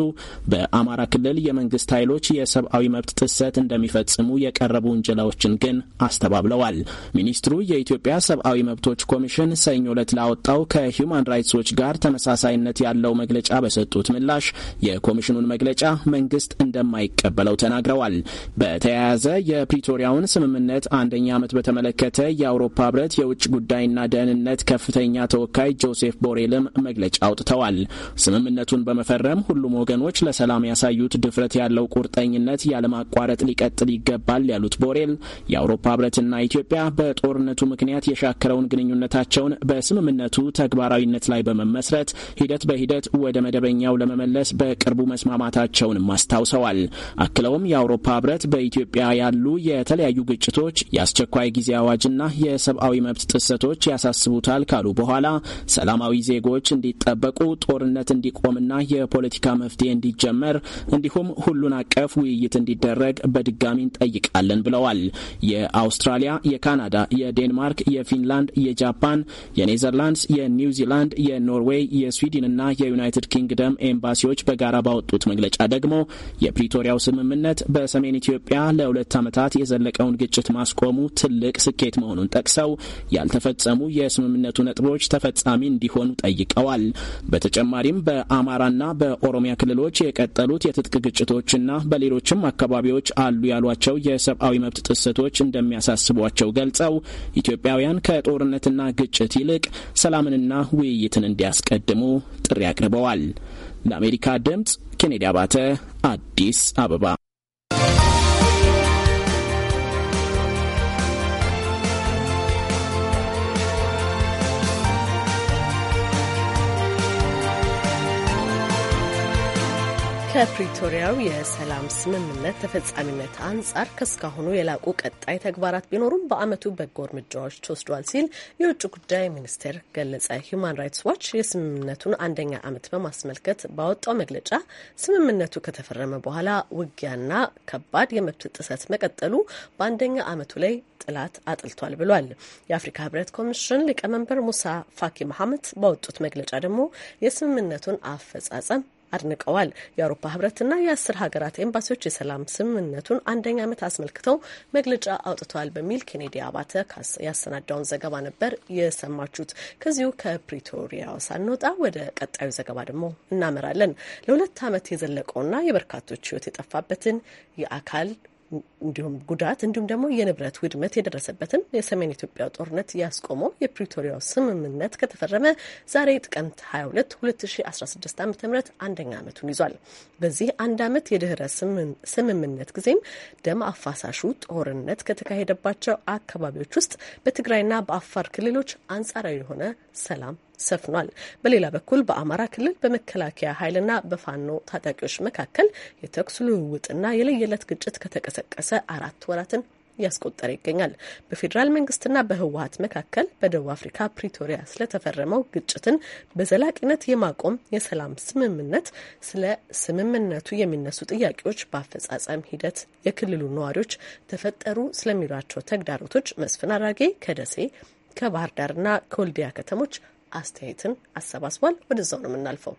S6: በአማራ ክልል የመንግስት ኃይሎች የሰብአዊ መብት ጥሰት እንደሚፈጽሙ የቀረቡ ውንጀላዎችን ግን አስተባብለዋል። ሚኒስትሩ የኢትዮጵያ ሰብአዊ መብቶች ኮሚሽን ሰኞ ዕለት ላወጣው ከሂዩማን ራይትስ ዎች ጋር ጋር ተመሳሳይነት ያለው መግለጫ በሰጡት ምላሽ የኮሚሽኑን መግለጫ መንግስት እንደማይቀበለው ተናግረዋል። በተያያዘ የፕሪቶሪያውን ስምምነት አንደኛ ዓመት በተመለከተ የአውሮፓ ህብረት የውጭ ጉዳይና ደህንነት ከፍተኛ ተወካይ ጆሴፍ ቦሬልም መግለጫ አውጥተዋል። ስምምነቱን በመፈረም ሁሉም ወገኖች ለሰላም ያሳዩት ድፍረት ያለው ቁርጠኝነት ያለማቋረጥ ሊቀጥል ይገባል ያሉት ቦሬል የአውሮፓ ህብረትና ኢትዮጵያ በጦርነቱ ምክንያት የሻከረውን ግንኙነታቸውን በስምምነቱ ተግባራዊነት ላይ በመመ በመመስረት ሂደት በሂደት ወደ መደበኛው ለመመለስ በቅርቡ መስማማታቸውንም አስታውሰዋል። አክለውም የአውሮፓ ህብረት በኢትዮጵያ ያሉ የተለያዩ ግጭቶች፣ የአስቸኳይ ጊዜ አዋጅና የሰብአዊ መብት ጥሰቶች ያሳስቡታል ካሉ በኋላ ሰላማዊ ዜጎች እንዲጠበቁ፣ ጦርነት እንዲቆምና የፖለቲካ መፍትሄ እንዲጀመር እንዲሁም ሁሉን አቀፍ ውይይት እንዲደረግ በድጋሚ እንጠይቃለን ብለዋል። የአውስትራሊያ፣ የካናዳ፣ የዴንማርክ፣ የፊንላንድ፣ የጃፓን፣ የኔዘርላንድስ፣ የኒውዚላንድ፣ የኖርዌ ኖርዌይ፣ የስዊድንና የዩናይትድ ኪንግደም ኤምባሲዎች በጋራ ባወጡት መግለጫ ደግሞ የፕሪቶሪያው ስምምነት በሰሜን ኢትዮጵያ ለሁለት ዓመታት የዘለቀውን ግጭት ማስቆሙ ትልቅ ስኬት መሆኑን ጠቅሰው ያልተፈጸሙ የስምምነቱ ነጥቦች ተፈጻሚ እንዲሆኑ ጠይቀዋል። በተጨማሪም በአማራና በኦሮሚያ ክልሎች የቀጠሉት የትጥቅ ግጭቶችና በሌሎችም አካባቢዎች አሉ ያሏቸው የሰብአዊ መብት ጥሰቶች እንደሚያሳስቧቸው ገልጸው ኢትዮጵያውያን ከጦርነትና ግጭት ይልቅ ሰላምንና ውይይትን እንዲያስ እንዲያስቀድሙ ጥሪ አቅርበዋል። ለአሜሪካ ድምፅ ኬኔዲ አባተ አዲስ አበባ
S1: ከፕሪቶሪያው የሰላም ስምምነት ተፈጻሚነት አንጻር ከስካሁኑ የላቁ ቀጣይ ተግባራት ቢኖሩም በዓመቱ በጎ እርምጃዎች ተወስዷል ሲል የውጭ ጉዳይ ሚኒስቴር ገለጸ። ሂዩማን ራይትስ ዋች የስምምነቱን አንደኛ ዓመት በማስመልከት ባወጣው መግለጫ ስምምነቱ ከተፈረመ በኋላ ውጊያና ከባድ የመብት ጥሰት መቀጠሉ በአንደኛ ዓመቱ ላይ ጥላት አጥልቷል ብሏል። የአፍሪካ ሕብረት ኮሚሽን ሊቀመንበር ሙሳ ፋኪ መሐመት ባወጡት መግለጫ ደግሞ የስምምነቱን አፈጻጸም አድንቀዋል። የአውሮፓ ህብረትና የአስር ሀገራት ኤምባሲዎች የሰላም ስምምነቱን አንደኛ ዓመት አስመልክተው መግለጫ አውጥተዋል በሚል ኬኔዲ አባተ ያሰናዳውን ዘገባ ነበር የሰማችሁት። ከዚሁ ከፕሪቶሪያ ሳንወጣ ወደ ቀጣዩ ዘገባ ደግሞ እናመራለን። ለሁለት ዓመት የዘለቀውና የበርካቶች ህይወት የጠፋበትን የአካል እንዲሁም ጉዳት እንዲሁም ደግሞ የንብረት ውድመት የደረሰበትን የሰሜን ኢትዮጵያ ጦርነት ያስቆመው የፕሪቶሪያው ስምምነት ከተፈረመ ዛሬ ጥቅምት 22 2016 ዓ ም አንደኛ ዓመቱን ይዟል። በዚህ አንድ ዓመት የድህረ ስምምነት ጊዜም ደም አፋሳሹ ጦርነት ከተካሄደባቸው አካባቢዎች ውስጥ በትግራይና በአፋር ክልሎች አንጻራዊ የሆነ ሰላም ሰፍኗል። በሌላ በኩል በአማራ ክልል በመከላከያ ኃይልና በፋኖ ታጣቂዎች መካከል የተኩስ ልውውጥና የለየለት ግጭት ከተቀሰቀሰ የደረሰ አራት ወራትን እያስቆጠረ ይገኛል። በፌዴራል መንግስትና በህወሀት መካከል በደቡብ አፍሪካ ፕሪቶሪያ ስለተፈረመው ግጭትን በዘላቂነት የማቆም የሰላም ስምምነት ስለ ስምምነቱ የሚነሱ ጥያቄዎች፣ በአፈጻጸም ሂደት የክልሉ ነዋሪዎች ተፈጠሩ ስለሚሏቸው ተግዳሮቶች መስፍን አራጌ ከደሴ ከባህር ዳርና ከወልዲያ ከተሞች አስተያየትን አሰባስቧል። ወደዛው ነው የምናልፈው።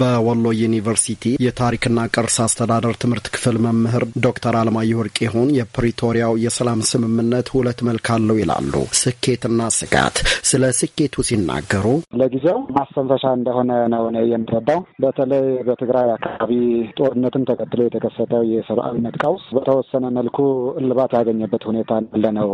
S8: በወሎ ዩኒቨርሲቲ የታሪክና ቅርስ አስተዳደር ትምህርት ክፍል መምህር ዶክተር አለማየሁ ወርቅሁን የፕሪቶሪያው የሰላም ስምምነት ሁለት መልክ አለው ይላሉ። ስኬትና ስጋት። ስለ ስኬቱ ሲናገሩ
S9: ለጊዜው ማስተንፈሻ እንደሆነ ነው እኔ የምረዳው። በተለይ በትግራይ አካባቢ ጦርነትን ተከትሎ የተከሰተው የሰብአዊነት ቀውስ በተወሰነ መልኩ እልባት ያገኘበት ሁኔታ እንዳለ ነው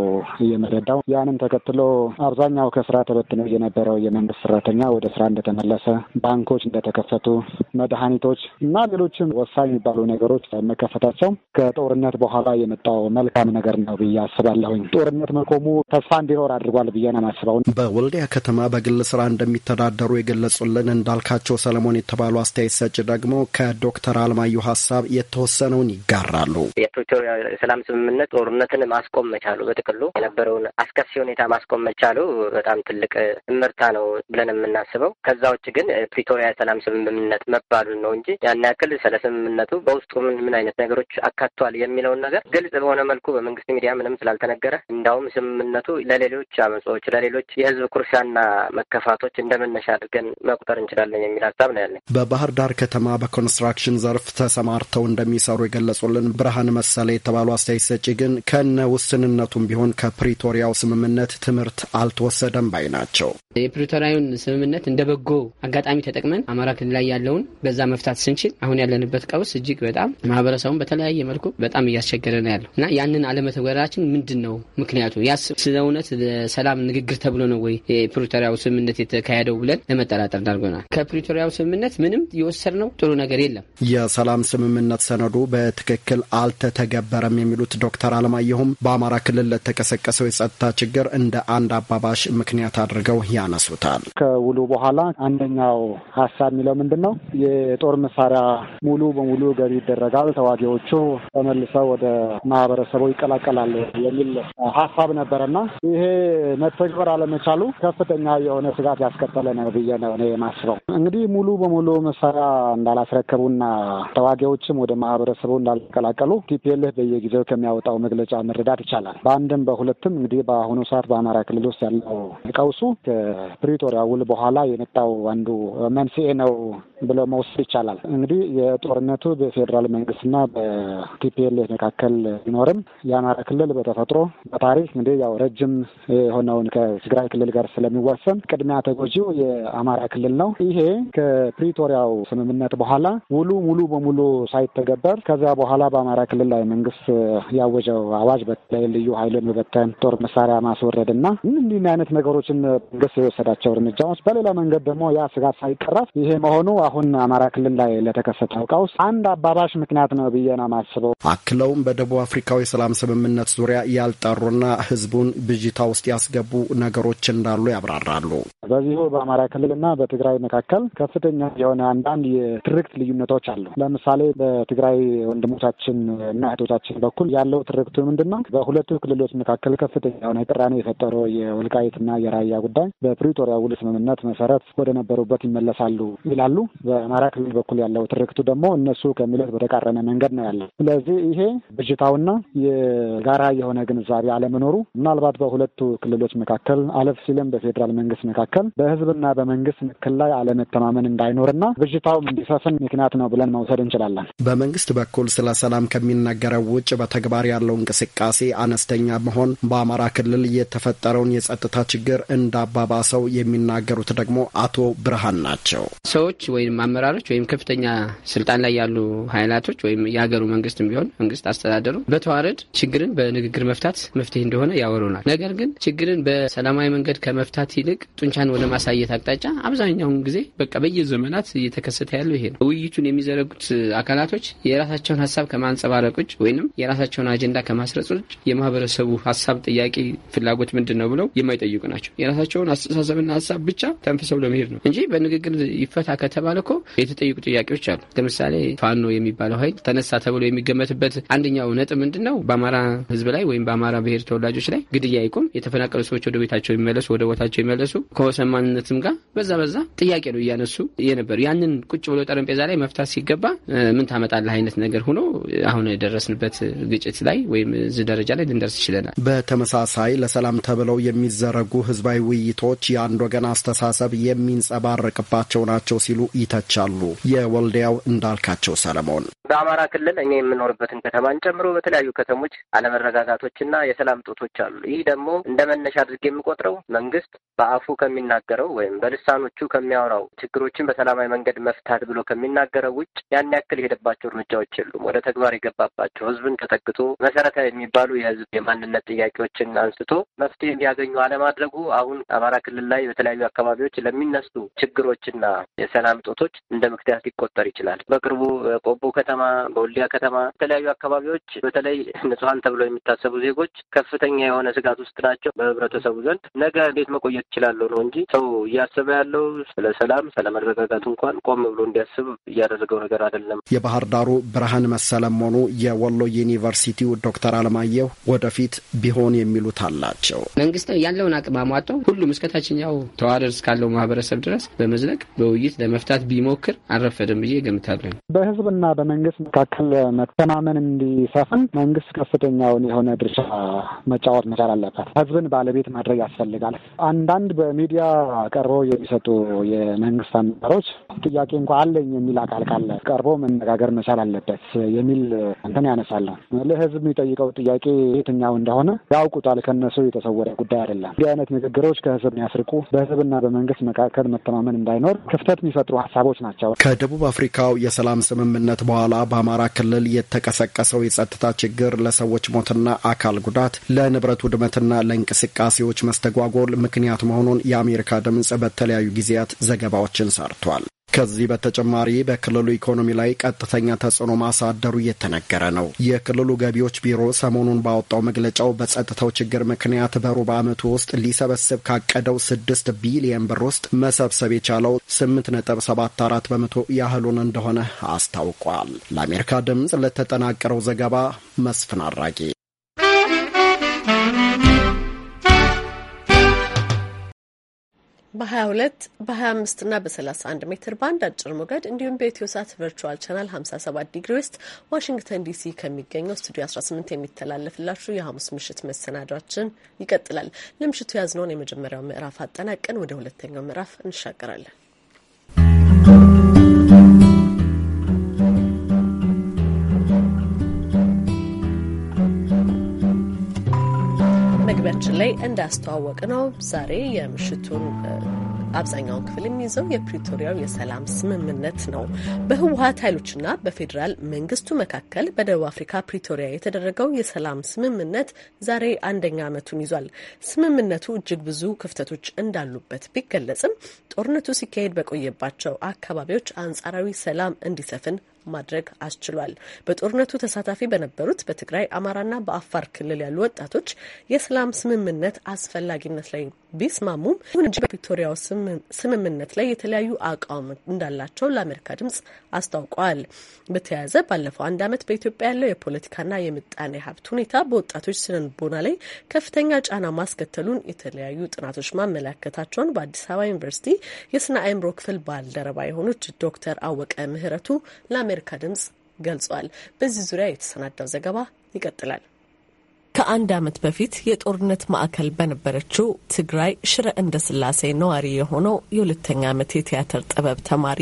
S9: የምረዳው። ያንም ተከትሎ አብዛኛው ከስራ ተበትኖ የነበረው የመንግስት ሰራተኛ ወደ ስራ እንደተመለሰ፣ ባንኮች እንደተከፈ የሚመረቱ መድኃኒቶች እና ሌሎችም ወሳኝ የሚባሉ ነገሮች መከፈታቸው ከጦርነት በኋላ የመጣው መልካም ነገር ነው ብዬ አስባለሁኝ። ጦርነት መቆሙ ተስፋ እንዲኖር
S8: አድርጓል ብዬ ነው የማስበው። በወልዲያ ከተማ በግል ስራ እንደሚተዳደሩ የገለጹልን እንዳልካቸው ሰለሞን የተባሉ አስተያየት ሰጭ ደግሞ ከዶክተር አልማዩ ሀሳብ የተወሰነውን ይጋራሉ።
S10: የፕሪቶሪያ ሰላም ስምምነት ጦርነትን ማስቆም መቻሉ በጥቅሉ የነበረውን አስከፊ ሁኔታ ማስቆም መቻሉ በጣም ትልቅ እምርታ ነው ብለን የምናስበው። ከዛ ውጭ ግን ፕሪቶሪያ የሰላም ስምምነት ስምምነት መባሉን ነው እንጂ ያን ያክል ስለ ስምምነቱ በውስጡ ምን ምን አይነት ነገሮች አካቷል የሚለውን ነገር ግልጽ በሆነ መልኩ በመንግስት ሚዲያ ምንም ስላልተነገረ እንዳውም ስምምነቱ ለሌሎች አመጾች፣ ለሌሎች የህዝብ ኩርሻና መከፋቶች እንደ መነሻ አድርገን መቁጠር እንችላለን የሚል ሀሳብ ነው ያለኝ።
S8: በባህር ዳር ከተማ በኮንስትራክሽን ዘርፍ ተሰማርተው እንደሚሰሩ የገለጹልን ብርሃን መሰለ የተባሉ አስተያየት ሰጪ ግን ከነ ውስንነቱም ቢሆን ከፕሪቶሪያው ስምምነት ትምህርት አልተወሰደም ባይ ናቸው።
S11: የፕሪቶሪያውን ስምምነት እንደ በጎ አጋጣሚ ተጠቅመን አማራ ክልል ላይ ያለውን በዛ መፍታት ስንችል አሁን ያለንበት ቀውስ እጅግ በጣም ማህበረሰቡን በተለያየ መልኩ በጣም እያስቸገረ ነው ያለው እና ያንን አለመተግበራችን ምንድን ነው ምክንያቱ? ያስ ስለ እውነት ለሰላም ንግግር ተብሎ ነው ወይ የፕሪቶሪያው ስምምነት የተካሄደው ብለን ለመጠራጠር ዳርጎናል። ከፕሪቶሪያው ስምምነት ምንም የወሰድነው ጥሩ ነገር የለም።
S8: የሰላም ስምምነት ሰነዱ በትክክል አልተተገበረም የሚሉት ዶክተር አለማየሁም በአማራ ክልል ለተቀሰቀሰው የጸጥታ ችግር እንደ አንድ አባባሽ ምክንያት አድርገው ያነሱታል።
S9: ከውሉ በኋላ አንደኛው ሀሳብ የሚለው ምንድን ነው የጦር መሳሪያ ሙሉ በሙሉ ገቢ ይደረጋል፣ ተዋጊዎቹ ተመልሰው ወደ ማህበረሰቡ ይቀላቀላል የሚል ሀሳብ ነበረና ይሄ መተግበር አለመቻሉ ከፍተኛ የሆነ ስጋት ያስከተለ ነው ብዬ ነው እኔ የማስበው። እንግዲህ ሙሉ በሙሉ መሳሪያ እንዳላስረከቡና ተዋጊዎችም ወደ ማህበረሰቡ እንዳልቀላቀሉ ቲፒኤልኤፍ በየጊዜው ከሚያወጣው መግለጫ መረዳት ይቻላል። በአንድም በሁለትም እንግዲህ በአሁኑ ሰዓት በአማራ ክልል ውስጥ ያለው ቀውሱ ከፕሪቶሪያ ውል በኋላ የመጣው አንዱ መንስኤ ነው ብለው መውሰድ ይቻላል። እንግዲህ የጦርነቱ በፌዴራል መንግስትና በቲፒኤልኤፍ መካከል ቢኖርም የአማራ ክልል በተፈጥሮ በታሪክ እንግዲህ ያው ረጅም የሆነውን ከትግራይ ክልል ጋር ስለሚዋሰን ቅድሚያ ተጎጂው የአማራ ክልል ነው። ይሄ ከፕሪቶሪያው ስምምነት በኋላ ውሉ ሙሉ በሙሉ ሳይተገበር ከዚያ በኋላ በአማራ ክልል ላይ መንግስት ያወጀው አዋጅ በተለይ ልዩ ኃይልን በበተን ጦር መሳሪያ ማስወረድ እና እንዲህ አይነት ነገሮችን መንግስት የወሰዳቸው እርምጃዎች በሌላ መንገድ ደግሞ ያ ስጋት ሳይቀረፍ ይሄ
S8: መሆኑ በመሆኑ አሁን አማራ ክልል ላይ ለተከሰተው ቀውስ አንድ አባባሽ ምክንያት ነው ብዬ ነው የማስበው። አክለውም በደቡብ አፍሪካው የሰላም ስምምነት ዙሪያ ያልጠሩና ህዝቡን ብዥታ ውስጥ ያስገቡ ነገሮች እንዳሉ ያብራራሉ።
S9: በዚሁ በአማራ ክልልና በትግራይ መካከል ከፍተኛ የሆነ አንዳንድ የትርክት ልዩነቶች አሉ። ለምሳሌ በትግራይ ወንድሞቻችን እና እህቶቻችን በኩል ያለው ትርክቱ ምንድን ነው? በሁለቱ ክልሎች መካከል ከፍተኛ የሆነ ቅራኔ የፈጠረው የወልቃይትና የራያ ጉዳይ በፕሪቶሪያ ውል ስምምነት መሰረት ወደ ነበሩበት ይመለሳሉ ይላሉ። ይላሉ። በአማራ ክልል በኩል ያለው ትርክቱ ደግሞ እነሱ ከሚሉት በተቃረነ መንገድ ነው ያለው። ስለዚህ ይሄ ብዥታውና የጋራ የሆነ ግንዛቤ አለመኖሩ ምናልባት በሁለቱ ክልሎች መካከል አለፍ ሲልም በፌዴራል መንግስት መካከል በህዝብና በመንግስት ምክል ላይ አለመተማመን እንዳይኖርና
S8: ብዥታውም እንዲሰፍን ምክንያት ነው ብለን መውሰድ እንችላለን። በመንግስት በኩል ስለ ሰላም ከሚነገረው ውጭ በተግባር ያለው እንቅስቃሴ አነስተኛ መሆን በአማራ ክልል የተፈጠረውን የጸጥታ ችግር እንዳባባሰው የሚናገሩት ደግሞ አቶ ብርሃን ናቸው።
S11: ሰዎች ወይም አመራሮች ወይም ከፍተኛ ስልጣን ላይ ያሉ ኃይላቶች ወይም የሀገሩ መንግስትም ቢሆን መንግስት አስተዳደሩ በተዋረድ ችግርን በንግግር መፍታት መፍትሄ እንደሆነ ያወሩናል። ነገር ግን ችግርን በሰላማዊ መንገድ ከመፍታት ይልቅ ጡንቻን ወደ ማሳየት አቅጣጫ አብዛኛውን ጊዜ በቃ በየዘመናት እየተከሰተ ያለው ይሄ ነው። ውይይቱን የሚዘረጉት አካላቶች የራሳቸውን ሀሳብ ከማንጸባረቅ ውጭ ወይም የራሳቸውን አጀንዳ ከማስረጽ ውጭ የማህበረሰቡ ሀሳብ፣ ጥያቄ፣ ፍላጎት ምንድን ነው ብለው የማይጠይቁ ናቸው። የራሳቸውን አስተሳሰብና ሀሳብ ብቻ ተንፍሰው ለመሄድ ነው እንጂ በንግግር ይፈታ ከተባለ እኮ የተጠየቁ ጥያቄዎች አሉ። ለምሳሌ ፋኖ የሚባለው ኃይል ተነሳ ተብሎ የሚገመትበት አንደኛው ነጥብ ምንድን ነው? በአማራ ህዝብ ላይ ወይም በአማራ ብሔር ተወላጆች ላይ ግድያ ይቁም፣ የተፈናቀሉ ሰዎች ወደ ቤታቸው ይመለሱ፣ ወደ ቦታቸው ይመለሱ፣ ከወሰን ማንነትም ጋር በዛ በዛ ጥያቄ ነው እያነሱ የነበሩ ያንን ቁጭ ብሎ ጠረጴዛ ላይ መፍታት ሲገባ ምን ታመጣለህ አይነት ነገር ሆኖ አሁን የደረስንበት ግጭት ላይ ወይም እዚህ ደረጃ ላይ ልንደርስ ይችለናል።
S8: በተመሳሳይ ለሰላም ተብለው የሚዘረጉ ህዝባዊ ውይይቶች የአንድ ወገን አስተሳሰብ የሚንጸባረቅባቸው ናቸው ሲሉ ይተቻሉ። የወልዲያው እንዳልካቸው ሰለሞን
S10: በአማራ ክልል እኛ የምኖርበትን ከተማን ጨምሮ በተለያዩ ከተሞች አለመረጋጋቶችና የሰላም ጦቶች አሉ። ይህ ደግሞ እንደ መነሻ አድርጌ የምቆጥረው መንግስት በአፉ ከሚናገረው ወይም በልሳኖቹ ከሚያወራው ችግሮችን በሰላማዊ መንገድ መፍታት ብሎ ከሚናገረው ውጭ ያን ያክል የሄደባቸው እርምጃዎች የሉም። ወደ ተግባር የገባባቸው ህዝብን ተጠግቶ መሰረታዊ የሚባሉ የህዝብ የማንነት ጥያቄዎችን አንስቶ መፍትሄ እንዲያገኙ አለማድረጉ አሁን አማራ ክልል ላይ በተለያዩ አካባቢዎች ለሚነሱ ችግሮችና የሰላም እጦቶች እንደ ምክንያት ሊቆጠር ይችላል። በቅርቡ ቆቦ ከተማ፣ በወልዲያ ከተማ፣ የተለያዩ አካባቢዎች በተለይ ንጹሀን ተብለው የሚታሰቡ ዜጎች ከፍተኛ የሆነ ስጋት ውስጥ ናቸው። በህብረተሰቡ ዘንድ ነገ ቤት መቆየት ይችላለሁ ነው እንጂ ሰው እያሰበ ያለው ስለ ሰላም ስለመረጋጋት እንኳን ቆም ብሎ እንዲያስብ እያደረገው ነገር አይደለም።
S8: የባህር ዳሩ ብርሃን መሰለም ሆኑ የወሎ ዩኒቨርሲቲው ዶክተር አለማየሁ ወደፊት ቢሆን የሚሉት አላቸው።
S11: መንግስት ያለውን አቅም አሟጠው ሁሉም እስከታችኛው ተዋደር እስካለው ማህበረሰብ ድረስ በመዝለቅ በውይይት ለመፍታት ቢሞክር አልረፈደም ብዬ ገምታለሁ።
S9: በህዝብና በመንግስት መካከል መተማመን እንዲሰፍን መንግስት ከፍተኛውን የሆነ ድርሻ መጫወት መቻል አለበት። ህዝብን ባለቤት ማድረግ ያስፈልጋል። አንዳንድ በሚዲያ ቀርበው የሚሰጡ የመንግስት አመራሮች ጥያቄ እንኳ አለኝ የሚል አካል ካለ ቀርቦ መነጋገር መቻል አለበት የሚል እንትን ያነሳል። ለህዝብ የሚጠይቀው ጥያቄ የትኛው እንደሆነ ያውቁታል። ከነሱ የተሰወረ ጉዳይ አይደለም። እንዲህ አይነት ንግግሮች ከህዝብ ያስርቁ። በህዝብና በመንግስት መካከል መተማመን እንዳይኖር ክፍተት የሚፈ የሚፈጥሩ ሀሳቦች
S8: ናቸው። ከደቡብ አፍሪካው የሰላም ስምምነት በኋላ በአማራ ክልል የተቀሰቀሰው የጸጥታ ችግር ለሰዎች ሞትና አካል ጉዳት፣ ለንብረት ውድመትና ለእንቅስቃሴዎች መስተጓጎል ምክንያት መሆኑን የአሜሪካ ድምፅ በተለያዩ ጊዜያት ዘገባዎችን ሰርቷል። ከዚህ በተጨማሪ በክልሉ ኢኮኖሚ ላይ ቀጥተኛ ተጽዕኖ ማሳደሩ እየተነገረ ነው። የክልሉ ገቢዎች ቢሮ ሰሞኑን ባወጣው መግለጫው በጸጥታው ችግር ምክንያት በሩብ ዓመቱ ውስጥ ሊሰበስብ ካቀደው ስድስት ቢሊየን ብር ውስጥ መሰብሰብ የቻለው ስምንት ነጥብ ሰባት አራት በመቶ ያህሉን እንደሆነ አስታውቋል። ለአሜሪካ ድምፅ ለተጠናቀረው ዘገባ መስፍን አራጌ
S1: በ22 በ25 እና በ31 ሜትር ባንድ አጭር ሞገድ እንዲሁም በኢትዮ ሳት ቨርቹዋል ቻናል 57 ዲግሪ ውስጥ ዋሽንግተን ዲሲ ከሚገኘው ስቱዲዮ 18 የሚተላለፍላችሁ የሐሙስ ምሽት መሰናዷችን ይቀጥላል። ለምሽቱ ያዝነውን የመጀመሪያው ምዕራፍ አጠናቀን ወደ ሁለተኛው ምዕራፍ እንሻገራለን። ላይ እንዳስተዋወቅ ነው ዛሬ የምሽቱን አብዛኛውን ክፍል የሚይዘው የፕሪቶሪያው የሰላም ስምምነት ነው። በህወሀት ኃይሎችና በፌዴራል መንግስቱ መካከል በደቡብ አፍሪካ ፕሪቶሪያ የተደረገው የሰላም ስምምነት ዛሬ አንደኛ ዓመቱን ይዟል። ስምምነቱ እጅግ ብዙ ክፍተቶች እንዳሉበት ቢገለጽም ጦርነቱ ሲካሄድ በቆየባቸው አካባቢዎች አንጻራዊ ሰላም እንዲሰፍን ማድረግ አስችሏል። በጦርነቱ ተሳታፊ በነበሩት በትግራይ አማራና በአፋር ክልል ያሉ ወጣቶች የሰላም ስምምነት አስፈላጊነት ላይ ቢስማሙም ይሁን እንጂ በፕሪቶሪያው ስምምነት ላይ የተለያዩ አቋም እንዳላቸው ለአሜሪካ ድምጽ አስታውቀዋል። በተያያዘ ባለፈው አንድ ዓመት በኢትዮጵያ ያለው የፖለቲካና የምጣኔ ሀብት ሁኔታ በወጣቶች ስነንቦና ላይ ከፍተኛ ጫና ማስከተሉን የተለያዩ ጥናቶች ማመላከታቸውን በአዲስ አበባ ዩኒቨርሲቲ የስነ አእምሮ ክፍል ባልደረባ የሆኑት ዶክተር አወቀ ምህረቱ ለአሜሪካ ድምጽ ገልጿል። በዚህ ዙሪያ የተሰናዳው ዘገባ ይቀጥላል። ከአንድ ዓመት በፊት የጦርነት ማዕከል በነበረችው ትግራይ ሽረ እንደ ስላሴ ነዋሪ የሆነው የሁለተኛ ዓመት የቲያትር ጥበብ ተማሪ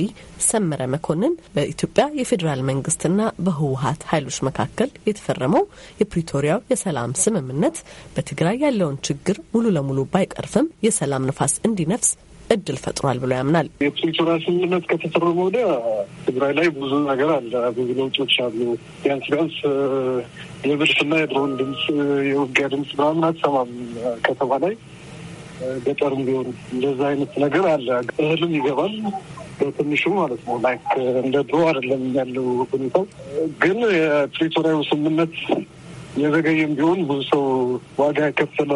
S1: ሰመረ መኮንን በኢትዮጵያ የፌዴራል መንግስትና በህወሀት ኃይሎች መካከል የተፈረመው የፕሪቶሪያው የሰላም ስምምነት በትግራይ ያለውን ችግር ሙሉ ለሙሉ ባይቀርፍም የሰላም ንፋስ እንዲነፍስ እድል ፈጥሯል ብሎ ያምናል።
S3: የፕሪቶሪያ ስምምነት ከተፈረመ ወዲያ ትግራይ ላይ ብዙ ነገር አለ፣ ብዙ ለውጦች አሉ። ቢያንስ ቢያንስ የብልሽና የድሮን ድምፅ፣ የውጊያ ድምፅ ምናምን አትሰማም ከተማ ላይ ገጠርም ቢሆን እንደዛ አይነት ነገር አለ። እህልም ይገባል በትንሹ ማለት ነው። ላይክ እንደ ድሮ አይደለም ያለው ሁኔታው። ግን የፕሪቶሪያው ስምምነት የዘገየም ቢሆን ብዙ ሰው ዋጋ የከፈለ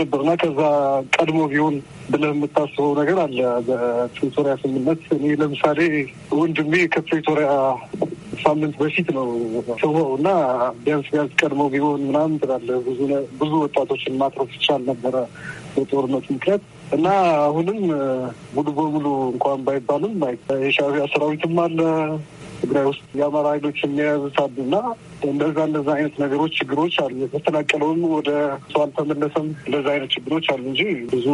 S3: ነበር እና ከዛ ቀድሞ ቢሆን ብለህ የምታስበው ነገር አለ። በፕሪቶሪያ ስምምነት እኔ ለምሳሌ ወንድሜ ከፕሪቶሪያ ሳምንት በፊት ነው ሰውው እና ቢያንስ ቢያንስ ቀድሞ ቢሆን ምናምን ትላለህ። ብዙ ወጣቶችን ማትረፍ ይቻል ነበረ በጦርነት ምክንያት እና አሁንም ሙሉ በሙሉ እንኳን ባይባልም የሻቢያ ሰራዊትም አለ ትግራይ ውስጥ የአማራ ኃይሎች የሚያዙት አሉና እንደዛ እንደዛ አይነት ነገሮች ችግሮች አሉ። የተፈናቀለውም ወደ አልተመለሰም። እንደዛ አይነት ችግሮች አሉ እንጂ ብዙ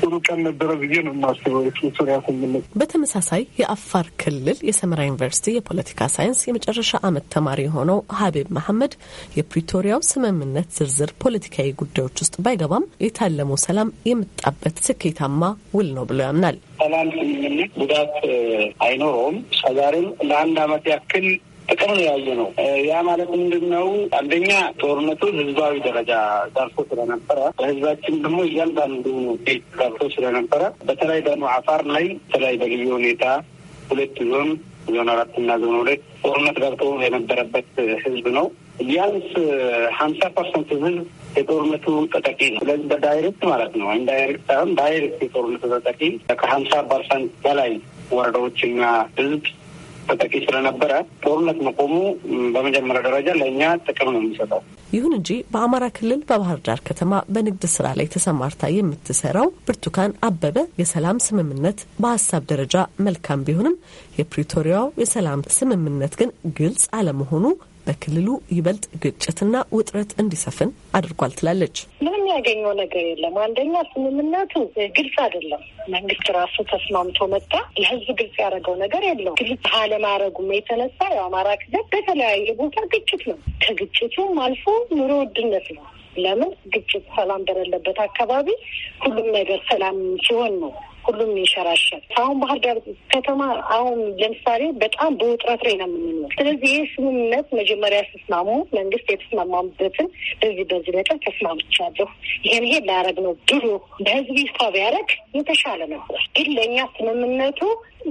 S3: ጥሩ ቀን ነበረ ብዬ ነው የማስበው። ሶሪያ ስምምነት።
S1: በተመሳሳይ የአፋር ክልል የሰመራ ዩኒቨርሲቲ የፖለቲካ ሳይንስ የመጨረሻ አመት ተማሪ የሆነው ሀቢብ መሐመድ የፕሪቶሪያው ስምምነት ዝርዝር ፖለቲካዊ ጉዳዮች ውስጥ ባይገባም የታለመው ሰላም የመጣበት ስኬታማ ውል ነው ብሎ ያምናል።
S3: ሰላም ስምምነት ጉዳት አይኖረውም። ከዛሬም ለአንድ አመት ያክል ጥቅም ያየ ነው። ያ ማለት ምንድን ነው? አንደኛ ጦርነቱ ህዝባዊ ደረጃ ዳርሶ ስለነበረ በህዝባችን ደግሞ እያንዳንዱ ቤት ዳርሶ ስለነበረ በተለይ በኑ አፋር ላይ በተለይ በልዩ ሁኔታ ሁለት ዞን ዞን አራት እና ዞን ሁለት ጦርነት ገብቶ የነበረበት ህዝብ ነው። ቢያንስ ሀምሳ ፐርሰንት ህዝብ የጦርነቱ ተጠቂ ነው። ስለዚህ በዳይሬክት ማለት ነው ኢንዳይሬክት ሳይሆን ዳይሬክት የጦርነቱ ተጠቂ ከሀምሳ ፐርሰንት በላይ ወረዳዎችና ህዝብ ተጠቂ ስለነበረ ጦርነት መቆሙ በመጀመሪያ ደረጃ ለእኛ ጥቅም ነው የሚሰጠው።
S1: ይሁን እንጂ በአማራ ክልል በባህር ዳር ከተማ በንግድ ስራ ላይ ተሰማርታ የምትሰራው ብርቱካን አበበ የሰላም ስምምነት በሀሳብ ደረጃ መልካም ቢሆንም የፕሪቶሪያው የሰላም ስምምነት ግን ግልጽ አለመሆኑ በክልሉ ይበልጥ ግጭትና ውጥረት እንዲሰፍን አድርጓል ትላለች።
S12: ምንም ያገኘው ነገር የለም። አንደኛ ስምምነቱ ግልጽ አይደለም። መንግስት ራሱ ተስማምቶ መጣ። ለህዝብ ግልጽ ያደረገው ነገር የለው። ግልጽ አለማድረጉም የተነሳ የአማራ ክልል በተለያየ ቦታ ግጭት ነው። ከግጭቱም አልፎ ኑሮ ውድነት ነው። ለምን ግጭት ሰላም በሌለበት አካባቢ ሁሉም ነገር ሰላም ሲሆን ነው ሁሉም ይንሸራሸል። አሁን ባህር ዳር ከተማ አሁን ለምሳሌ በጣም በውጥረት ላይ ነው የምንኖር። ስለዚህ ይህ ስምምነት መጀመሪያ ስስማሙ መንግስት የተስማማበትን በዚህ በዚህ ነጥብ ተስማምቻለሁ፣ ይሄን ይሄ ላረግ ነው ብሎ በህዝብ ይፋ ቢያደረግ የተሻለ ነበር። ግን ለእኛ ስምምነቱ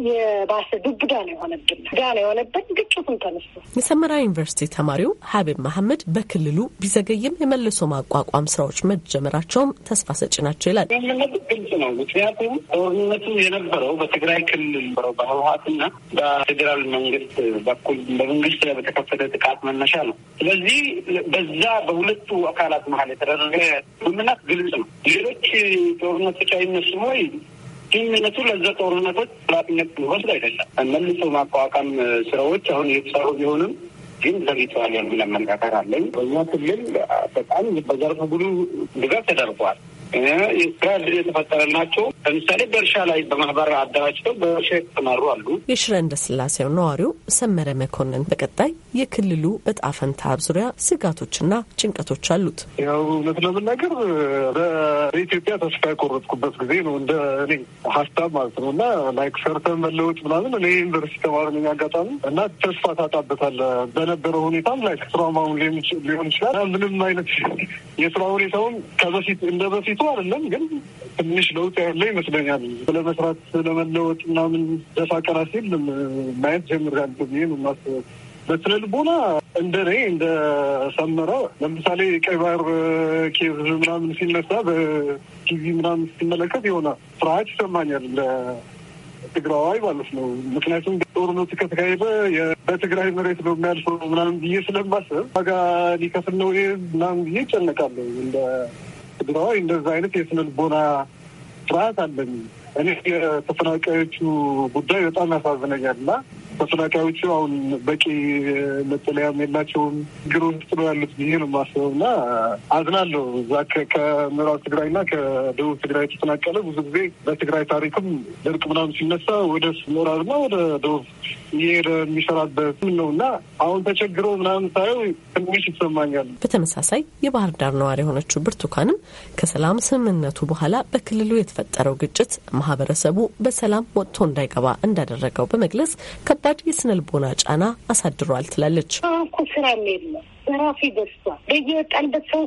S12: የባሰ ዱብዳ ነው የሆነብን ዳ ነው የሆነብን ግጭቱን ተነሱ።
S1: የሰመራ ዩኒቨርሲቲ ተማሪው ሀቢብ መሀመድ በክልሉ ቢዘገይም የመልሶ ማቋቋም ስራዎች መጀመራቸውም ተስፋ ሰጪ ናቸው ይላል።
S3: ምክንያቱም ጦርነቱ የነበረው በትግራይ ክልል ነበረው በህወሀትና በፌዴራል መንግስት በኩል በመንግስት ላይ በተከፈተ ጥቃት መነሻ ነው። ስለዚህ በዛ በሁለቱ አካላት መሀል የተደረገ ስምምነት ግልጽ ነው። ሌሎች ጦርነቶች አይነሱም ወይ? ግንኙነቱ ለዛ ጦርነቶች ኃላፊነት ሊወስድ አይደለም። መልሶ ማቋቋም ስራዎች አሁን የተሰሩ ቢሆንም ግን ዘግይተዋል የሚል አመለካከት አለኝ። በእኛ ክልል በጣም በዘርፍ ብዙ ድጋፍ ተደርጓል። የስራ እድል የተፈጠረላቸው ለምሳሌ በእርሻ ላይ በማህበር አደራጅተው በእርሻ የተሰማሩ አሉ።
S1: የሽረ ስላሴው ነዋሪው ሰመረ መኮንን በቀጣይ የክልሉ እጣ ፈንታ ዙሪያ ስጋቶችና ጭንቀቶች አሉት።
S3: ያው እውነት ለመናገር በኢትዮጵያ ተስፋ የቆረጥኩበት ጊዜ ነው እንደ እኔ ሀሳብ ማለት ነው እና ላይክ ሰርተን መለወጥ ምናምን እኔ ዩኒቨርሲቲ ተማሪ ነኝ አጋጣሚ እና ተስፋ ታጣበታለህ በነበረው ሁኔታም ላይክ ስራማሁን ሊሆን ይችላል ምንም አይነት የስራ ሁኔታውን ከበፊት እንደ በፊቱ አይደለም ግን ትንሽ ለውጥ ያለ ይመስለኛል። ለመስራት ለመለወጥ ምናምን ደፋ ቀና ሲል ማየት ጀምራል ብዬ ነው በስነ ልቦና እንደ እኔ እንደ ሰመረ ለምሳሌ ቀይ ባህር ኬዝ ምናምን ሲነሳ በቲቪ ምናምን ሲመለከት የሆነ ፍርሃት ይሰማኛል እንደ ትግራዋይ ማለት ነው። ምክንያቱም ጦርነቱ ከተካሄደ በትግራይ መሬት ነው የሚያልፈው ምናምን ብዬ ስለማስብ ዋጋ ሊከፍል ነው ምናምን ብዬ ይጨነቃለሁ እንደ ነው። እንደዚ አይነት የስነ ልቦና ስርዓት አለን። እኔ የተፈናቃዮቹ ጉዳይ በጣም ያሳዝነኛል እና ተፈናቃዮቹ አሁን በቂ መጠለያም የላቸውም። ችግር ውስጥ ነው ያሉት ብዬ ነው የማስበው እና አዝናለሁ። እዛ ከምዕራብ ትግራይ እና ከደቡብ ትግራይ የተፈናቀለ ብዙ ጊዜ በትግራይ ታሪክም ድርቅ ምናምን ሲነሳ ወደ ምዕራብ እና ወደ ደቡብ እየሄደ የሚሰራበት ነው እና አሁን ተቸግሮ ምናምን ሳየው ትንሽ
S1: ይሰማኛል። በተመሳሳይ የባህር ዳር ነዋሪ የሆነችው ብርቱካንም ከሰላም ስምምነቱ በኋላ በክልሉ የተፈጠረው ግጭት ማህበረሰቡ በሰላም ወጥቶ እንዳይገባ እንዳደረገው በመግለጽ ከባድ የስነልቦና ጫና አሳድሯል ትላለች።
S12: እኮ ስራም የለም በራሴ ደስታ በየወጣንበት ሰው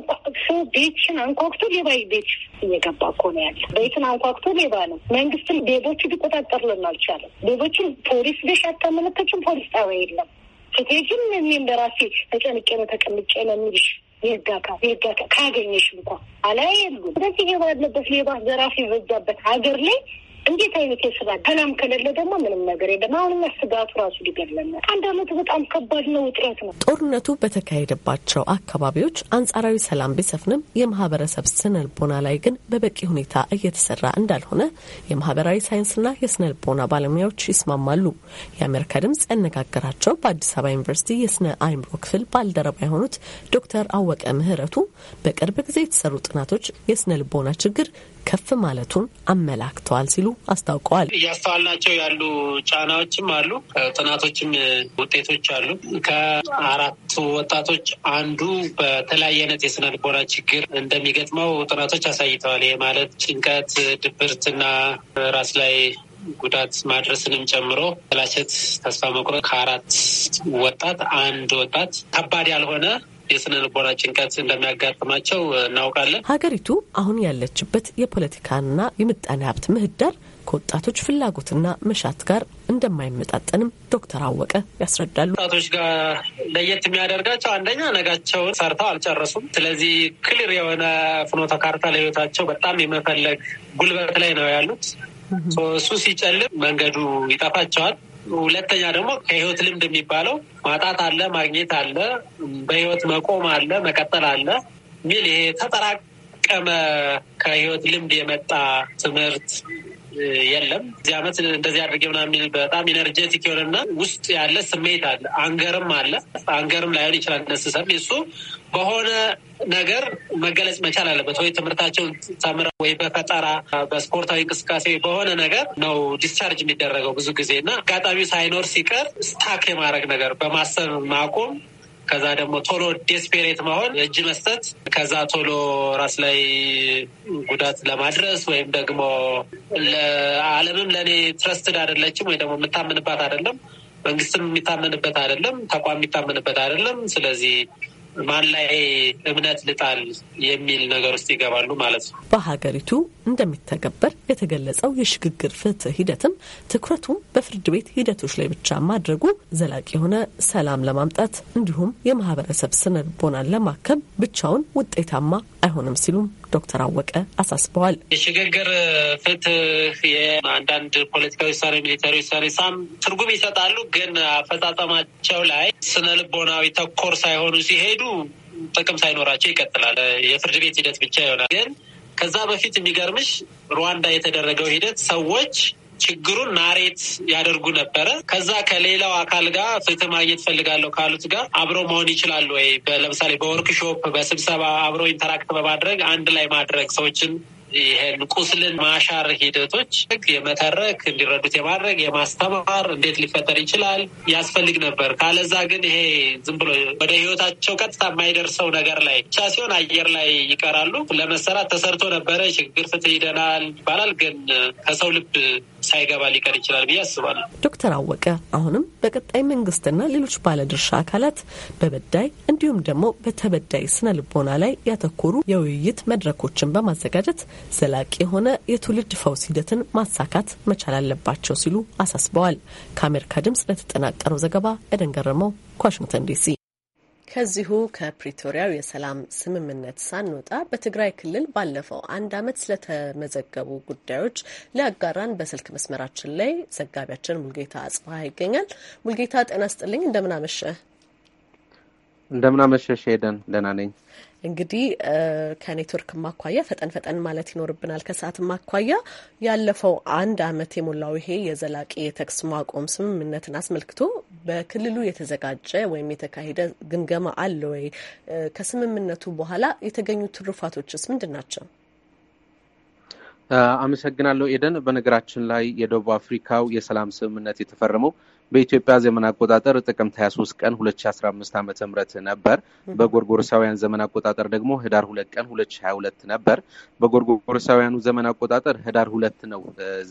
S12: ሰው ቤትሽን አንኳክቶ ሌባ ቤት እየገባ እኮ ነው ያለ። ቤትን አንኳክቶ ሌባ ነው። መንግስትን ሌቦች ሊቆጣጠርልን አልቻለም። ሌቦችን ፖሊስ ቤሽ አታመለከችም። ፖሊስ ጣቢያ የለም። ስትሄጂም እኔም በራሴ ተጨንቄ ነው ተቀምጬ ነው የሚልሽ የህግ አካል ካገኘሽ እንኳ አላይ የሉም። ስለዚህ ሌባ ያለበት ሌባ ዘራፊ የበዛበት ሀገር ላይ እንዴት አይነት የስጋ ሰላም ከሌለ ደግሞ ምንም ነገር የለም። አሁንኛ ስጋቱ ራሱ ሊገለነ አንድ አመት በጣም ከባድ ነው፣ ውጥረት ነው።
S1: ጦርነቱ በተካሄደባቸው አካባቢዎች አንጻራዊ ሰላም ቢሰፍንም የማህበረሰብ ስነልቦና ላይ ግን በበቂ ሁኔታ እየተሰራ እንዳልሆነ የማህበራዊ ሳይንስና የስነ ልቦና ባለሙያዎች ይስማማሉ። የአሜሪካ ድምጽ ያነጋገራቸው በአዲስ አበባ ዩኒቨርሲቲ የስነ አእምሮ ክፍል ባልደረባ የሆኑት ዶክተር አወቀ ምህረቱ በቅርብ ጊዜ የተሰሩ ጥናቶች የስነ ልቦና ችግር ከፍ ማለቱን አመላክተዋል ሲሉ አስታውቀዋል።
S13: እያስተዋልናቸው ያሉ ጫናዎችም አሉ። ጥናቶችም ውጤቶች አሉ። ከአራቱ ወጣቶች አንዱ በተለያየ አይነት የስነ ልቦና ችግር እንደሚገጥመው ጥናቶች አሳይተዋል። ይህ ማለት ጭንቀት፣ ድብርትና ራስ ላይ ጉዳት ማድረስንም ጨምሮ ጥላሸት፣ ተስፋ መቁረጥ ከአራት ወጣት አንድ ወጣት ከባድ
S1: ያልሆነ የስነ ልቦና ጭንቀት እንደሚያጋጥማቸው እናውቃለን። ሀገሪቱ አሁን ያለችበት የፖለቲካና የምጣኔ ሀብት ምህዳር ከወጣቶች ፍላጎትና መሻት ጋር እንደማይመጣጠንም ዶክተር አወቀ ያስረዳሉ።
S13: ወጣቶች ጋር ለየት የሚያደርጋቸው አንደኛ ነጋቸውን ሰርተው አልጨረሱም። ስለዚህ ክሊር የሆነ ፍኖተ ካርታ ለህይወታቸው በጣም የመፈለግ ጉልበት ላይ ነው ያሉት። እሱ ሲጨልም መንገዱ ይጠፋቸዋል። ሁለተኛ ደግሞ ከህይወት ልምድ የሚባለው ማጣት አለ፣ ማግኘት አለ፣ በህይወት መቆም አለ፣ መቀጠል አለ ሚል ይሄ ተጠራቀመ ከህይወት ልምድ የመጣ ትምህርት የለም። እዚህ ዓመት እንደዚህ አድርጌ ምናምን በጣም ኢነርጀቲክ የሆነና ውስጥ ያለ ስሜት አለ። አንገርም አለ። አንገርም ላይሆን ይችላል ነስሰም የሱ በሆነ ነገር መገለጽ መቻል አለበት ወይ ትምህርታቸውን ተምረው ወይ በፈጠራ በስፖርታዊ እንቅስቃሴ በሆነ ነገር ነው ዲስቻርጅ የሚደረገው ብዙ ጊዜ እና አጋጣሚው ሳይኖር ሲቀር ስታክ የማድረግ ነገር በማሰብ ማቆም ከዛ ደግሞ ቶሎ ዴስፔሬት መሆን እጅ መስጠት፣ ከዛ ቶሎ ራስ ላይ ጉዳት ለማድረስ ወይም ደግሞ ለዓለምም ለእኔ ትረስትድ አይደለችም ወይ ደግሞ የምታምንባት አይደለም፣ መንግስትም የሚታምንበት አይደለም፣ ተቋም የሚታምንበት አይደለም። ስለዚህ ማን ላይ እምነት ልጣል የሚል ነገር ውስጥ ይገባሉ ማለት ነው።
S1: በሀገሪቱ እንደሚተገበር የተገለጸው የሽግግር ፍትህ ሂደትም ትኩረቱም በፍርድ ቤት ሂደቶች ላይ ብቻ ማድረጉ ዘላቂ የሆነ ሰላም ለማምጣት እንዲሁም የማህበረሰብ ስነ ልቦናን ለማከም ብቻውን ውጤታማ አይሆንም ሲሉም ዶክተር አወቀ አሳስበዋል። የሽግግር ፍትህ የአንዳንድ
S13: ፖለቲካዊ ውሳኔ፣ ሚሊታሪ ውሳኔ ሳም ትርጉም ይሰጣሉ፣ ግን አፈጻጸማቸው ላይ ስነ ልቦናዊ ተኮር ሳይሆኑ ሲሄዱ ጥቅም ሳይኖራቸው ይቀጥላል። የፍርድ ቤት ሂደት ብቻ ይሆናል። ግን ከዛ በፊት የሚገርምሽ ሩዋንዳ የተደረገው ሂደት ሰዎች ችግሩን ናሬት ያደርጉ ነበረ። ከዛ ከሌላው አካል ጋር ፍትህ ማግኘት ፈልጋለሁ ካሉት ጋር አብሮ መሆን ይችላሉ ወይ? ለምሳሌ በወርክሾፕ በስብሰባ አብሮ ኢንተራክት በማድረግ አንድ ላይ ማድረግ ሰዎችን ይሄን ቁስልን ማሻር ሂደቶች የመተረክ እንዲረዱት የማድረግ የማስተማር እንዴት ሊፈጠር ይችላል ያስፈልግ ነበር። ካለዛ ግን ይሄ ዝም ብሎ ወደ ህይወታቸው ቀጥታ የማይደርሰው ነገር ላይ ብቻ ሲሆን አየር ላይ ይቀራሉ። ለመሰራት ተሰርቶ ነበረ። ችግር ፍትህ
S1: ይደናል ይባላል፣ ግን ከሰው ልብ ሳይገባ ሊቀር ይችላል ብዬ አስባለሁ። ዶክተር አወቀ አሁንም በቀጣይ መንግስትና ሌሎች ባለድርሻ አካላት በበዳይ እንዲሁም ደግሞ በተበዳይ ስነ ልቦና ላይ ያተኮሩ የውይይት መድረኮችን በማዘጋጀት ዘላቂ የሆነ የትውልድ ፈውስ ሂደትን ማሳካት መቻል አለባቸው ሲሉ አሳስበዋል። ከአሜሪካ ድምጽ ለተጠናቀረው ዘገባ ኤደን ገረመው ከዋሽንግተን ዲሲ። ከዚሁ ከፕሪቶሪያው የሰላም ስምምነት ሳንወጣ በትግራይ ክልል ባለፈው አንድ ዓመት ስለተመዘገቡ ጉዳዮች ሊያጋራን በስልክ መስመራችን ላይ ዘጋቢያችን ሙልጌታ አጽባሀ ይገኛል። ሙልጌታ ጤና ስጥልኝ፣ እንደምናመሸ
S14: እንደምናመሸሽ ሄደን ደህና ነኝ።
S1: እንግዲህ ከኔትወርክ ማኳያ ፈጠን ፈጠን ማለት ይኖርብናል። ከሰዓት ማኳያ ያለፈው አንድ አመት የሞላው ይሄ የዘላቂ የተኩስ ማቆም ስምምነትን አስመልክቶ በክልሉ የተዘጋጀ ወይም የተካሄደ ግምገማ አለ ወይ? ከስምምነቱ በኋላ የተገኙ ትሩፋቶችስ ምንድን ናቸው?
S14: አመሰግናለሁ ኤደን። በነገራችን ላይ የደቡብ አፍሪካው የሰላም ስምምነት የተፈረመው በኢትዮጵያ ዘመን አቆጣጠር ጥቅምት 23 ቀን 2015 ዓ ም ነበር። በጎርጎርሳውያን ዘመን አቆጣጠር ደግሞ ህዳር 2 ቀን 2022 ነበር። በጎርጎርሳውያኑ ዘመን አቆጣጠር ህዳር ሁለት ነው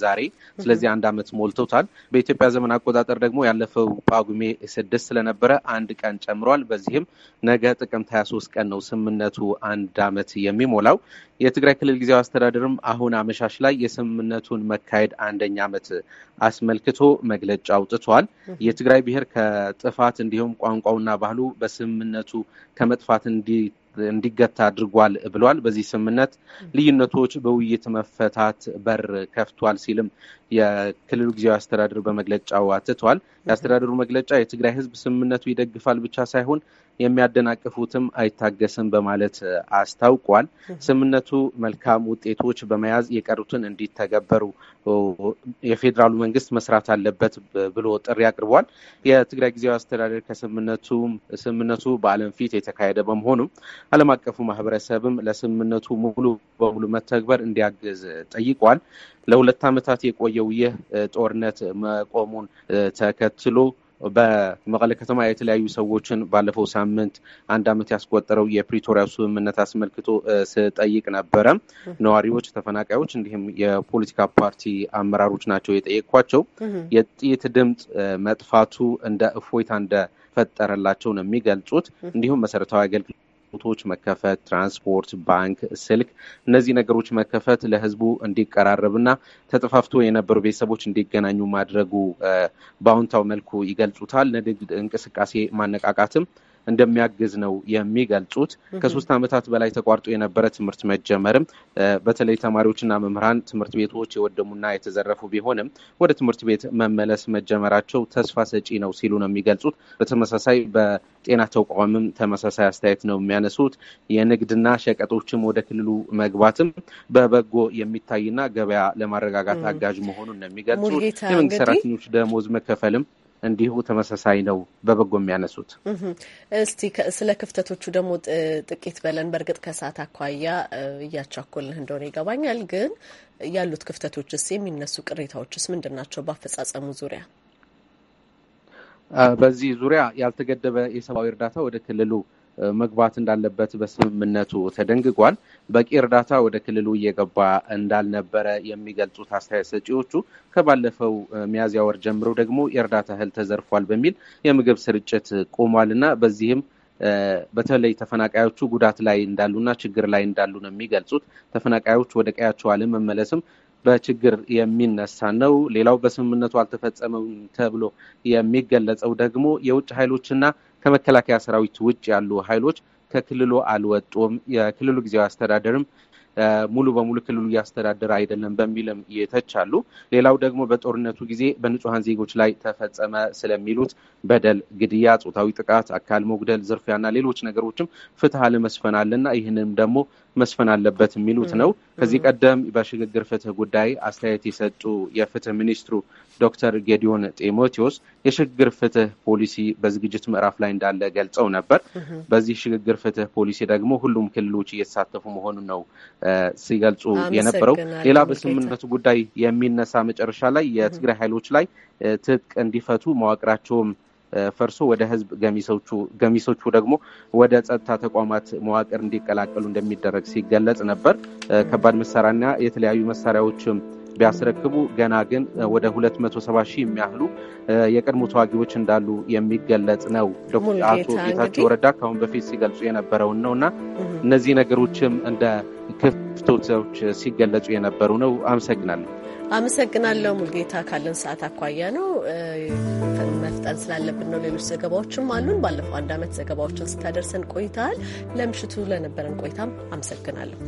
S14: ዛሬ። ስለዚህ አንድ ዓመት ሞልቶታል። በኢትዮጵያ ዘመን አቆጣጠር ደግሞ ያለፈው ጳጉሜ ስድስት ስለነበረ አንድ ቀን ጨምሯል። በዚህም ነገ ጥቅምት 23 ቀን ነው ስምምነቱ አንድ ዓመት የሚሞላው። የትግራይ ክልል ጊዜያዊ አስተዳደርም አሁን አመሻሽ ላይ የስምምነቱን መካሄድ አንደኛ ዓመት አስመልክቶ መግለጫ አውጥቷል። የትግራይ ብሔር ከጥፋት እንዲሁም ቋንቋውና ባህሉ በስምምነቱ ከመጥፋት እንዲገታ አድርጓል ብሏል። በዚህ ስምምነት ልዩነቶች በውይይት መፈታት በር ከፍቷል ሲልም የክልሉ ጊዜያዊ አስተዳደር በመግለጫው አትተዋል። የአስተዳደሩ መግለጫ የትግራይ ሕዝብ ስምምነቱ ይደግፋል ብቻ ሳይሆን የሚያደናቅፉትም አይታገስም በማለት አስታውቋል። ስምምነቱ መልካም ውጤቶች በመያዝ የቀሩትን እንዲተገበሩ የፌዴራሉ መንግስት መስራት አለበት ብሎ ጥሪ አቅርቧል። የትግራይ ጊዜያዊ አስተዳደር ከስምምነቱ ስምምነቱ በዓለም ፊት የተካሄደ በመሆኑም ዓለም አቀፉ ማህበረሰብም ለስምምነቱ ሙሉ በሙሉ መተግበር እንዲያግዝ ጠይቋል። ለሁለት ዓመታት የቆየው ይህ ጦርነት መቆሙን ተከትሎ በመቀለ ከተማ የተለያዩ ሰዎችን ባለፈው ሳምንት አንድ አመት ያስቆጠረው የፕሪቶሪያ ስምምነት አስመልክቶ ስጠይቅ ነበረ። ነዋሪዎች፣ ተፈናቃዮች እንዲሁም የፖለቲካ ፓርቲ አመራሮች ናቸው የጠየቅኳቸው። የጥይት ድምፅ መጥፋቱ እንደ እፎይታ እንደፈጠረላቸው ነው የሚገልጹት። እንዲሁም መሰረታዊ አገልግሎት ጡቶች መከፈት፣ ትራንስፖርት፣ ባንክ፣ ስልክ እነዚህ ነገሮች መከፈት ለህዝቡ እንዲቀራረብና ተጠፋፍቶ የነበሩ ቤተሰቦች እንዲገናኙ ማድረጉ በአዎንታው መልኩ ይገልጹታል። ንግድ እንቅስቃሴ ማነቃቃትም እንደሚያግዝ ነው የሚገልጹት። ከሶስት ዓመታት በላይ ተቋርጦ የነበረ ትምህርት መጀመርም በተለይ ተማሪዎችና መምህራን ትምህርት ቤቶች የወደሙና የተዘረፉ ቢሆንም ወደ ትምህርት ቤት መመለስ መጀመራቸው ተስፋ ሰጪ ነው ሲሉ ነው የሚገልጹት። በተመሳሳይ በጤና ተቋምም ተመሳሳይ አስተያየት ነው የሚያነሱት። የንግድና ሸቀጦችም ወደ ክልሉ መግባትም በበጎ የሚታይና ገበያ ለማረጋጋት አጋዥ መሆኑን ነው የሚገልጹት። የመንግስት ሰራተኞች ደሞዝ መከፈልም እንዲሁ ተመሳሳይ ነው በበጎ የሚያነሱት።
S1: እስቲ ስለ ክፍተቶቹ ደግሞ ጥቂት በለን። በእርግጥ ከሰዓት አኳያ እያቻኮልን እንደሆነ ይገባኛል። ግን ያሉት ክፍተቶችስ፣ የሚነሱ ቅሬታዎችስ ምንድን ናቸው? በአፈጻጸሙ ዙሪያ
S14: በዚህ ዙሪያ ያልተገደበ የሰብአዊ እርዳታ ወደ ክልሉ መግባት እንዳለበት በስምምነቱ ተደንግጓል። በቂ እርዳታ ወደ ክልሉ እየገባ እንዳልነበረ የሚገልጹት አስተያየት ሰጪዎቹ ከባለፈው ሚያዝያ ወር ጀምሮ ደግሞ የእርዳታ እህል ተዘርፏል በሚል የምግብ ስርጭት ቆሟል እና በዚህም በተለይ ተፈናቃዮቹ ጉዳት ላይ እንዳሉና ችግር ላይ እንዳሉ ነው የሚገልጹት። ተፈናቃዮች ወደ ቀያቸው አለመመለስም በችግር የሚነሳ ነው። ሌላው በስምምነቱ አልተፈጸመም ተብሎ የሚገለጸው ደግሞ የውጭ ኃይሎችና ከመከላከያ ሰራዊት ውጭ ያሉ ኃይሎች ከክልሉ አልወጡም። የክልሉ ጊዜያዊ አስተዳደርም ሙሉ በሙሉ ክልሉ እያስተዳደረ አይደለም በሚልም የተቻሉ። ሌላው ደግሞ በጦርነቱ ጊዜ በንጹሐን ዜጎች ላይ ተፈጸመ ስለሚሉት በደል፣ ግድያ፣ ጾታዊ ጥቃት፣ አካል መጉደል፣ ዝርፊያና ሌሎች ነገሮችም ፍትህ አለመስፈናልና ይህንም ደግሞ መስፈን አለበት የሚሉት ነው። ከዚህ ቀደም በሽግግር ፍትህ ጉዳይ አስተያየት የሰጡ የፍትህ ሚኒስትሩ ዶክተር ጌዲዮን ጢሞቴዎስ የሽግግር ፍትህ ፖሊሲ በዝግጅት ምዕራፍ ላይ እንዳለ ገልጸው ነበር። በዚህ ሽግግር ፍትህ ፖሊሲ ደግሞ ሁሉም ክልሎች እየተሳተፉ መሆኑን ነው ሲገልጹ የነበረው። ሌላ በስምምነቱ ጉዳይ የሚነሳ መጨረሻ ላይ የትግራይ ኃይሎች ላይ ትጥቅ እንዲፈቱ መዋቅራቸውም ፈርሶ ወደ ህዝብ ገሚሶቹ ደግሞ ወደ ጸጥታ ተቋማት መዋቅር እንዲቀላቀሉ እንደሚደረግ ሲገለጽ ነበር። ከባድ መሳሪያና የተለያዩ መሳሪያዎችም ቢያስረክቡ ገና ግን ወደ 270 ሺህ የሚያህሉ የቀድሞ ተዋጊዎች እንዳሉ የሚገለጽ ነው። አቶ ጌታቸው ረዳ ከአሁን በፊት ሲገልጹ የነበረውን ነው እና እነዚህ ነገሮችም እንደ ክፍተቶች ሲገለጹ የነበሩ ነው። አመሰግናለሁ።
S1: አመሰግናለሁ ሙልጌታ። ካለን ሰዓት አኳያ ነው መፍጠን ስላለብን ነው። ሌሎች ዘገባዎችም አሉን። ባለፈው አንድ አመት ዘገባዎችን ስታደርሰን ቆይተሃል። ለምሽቱ ለነበረን ቆይታም አመሰግናለሁ።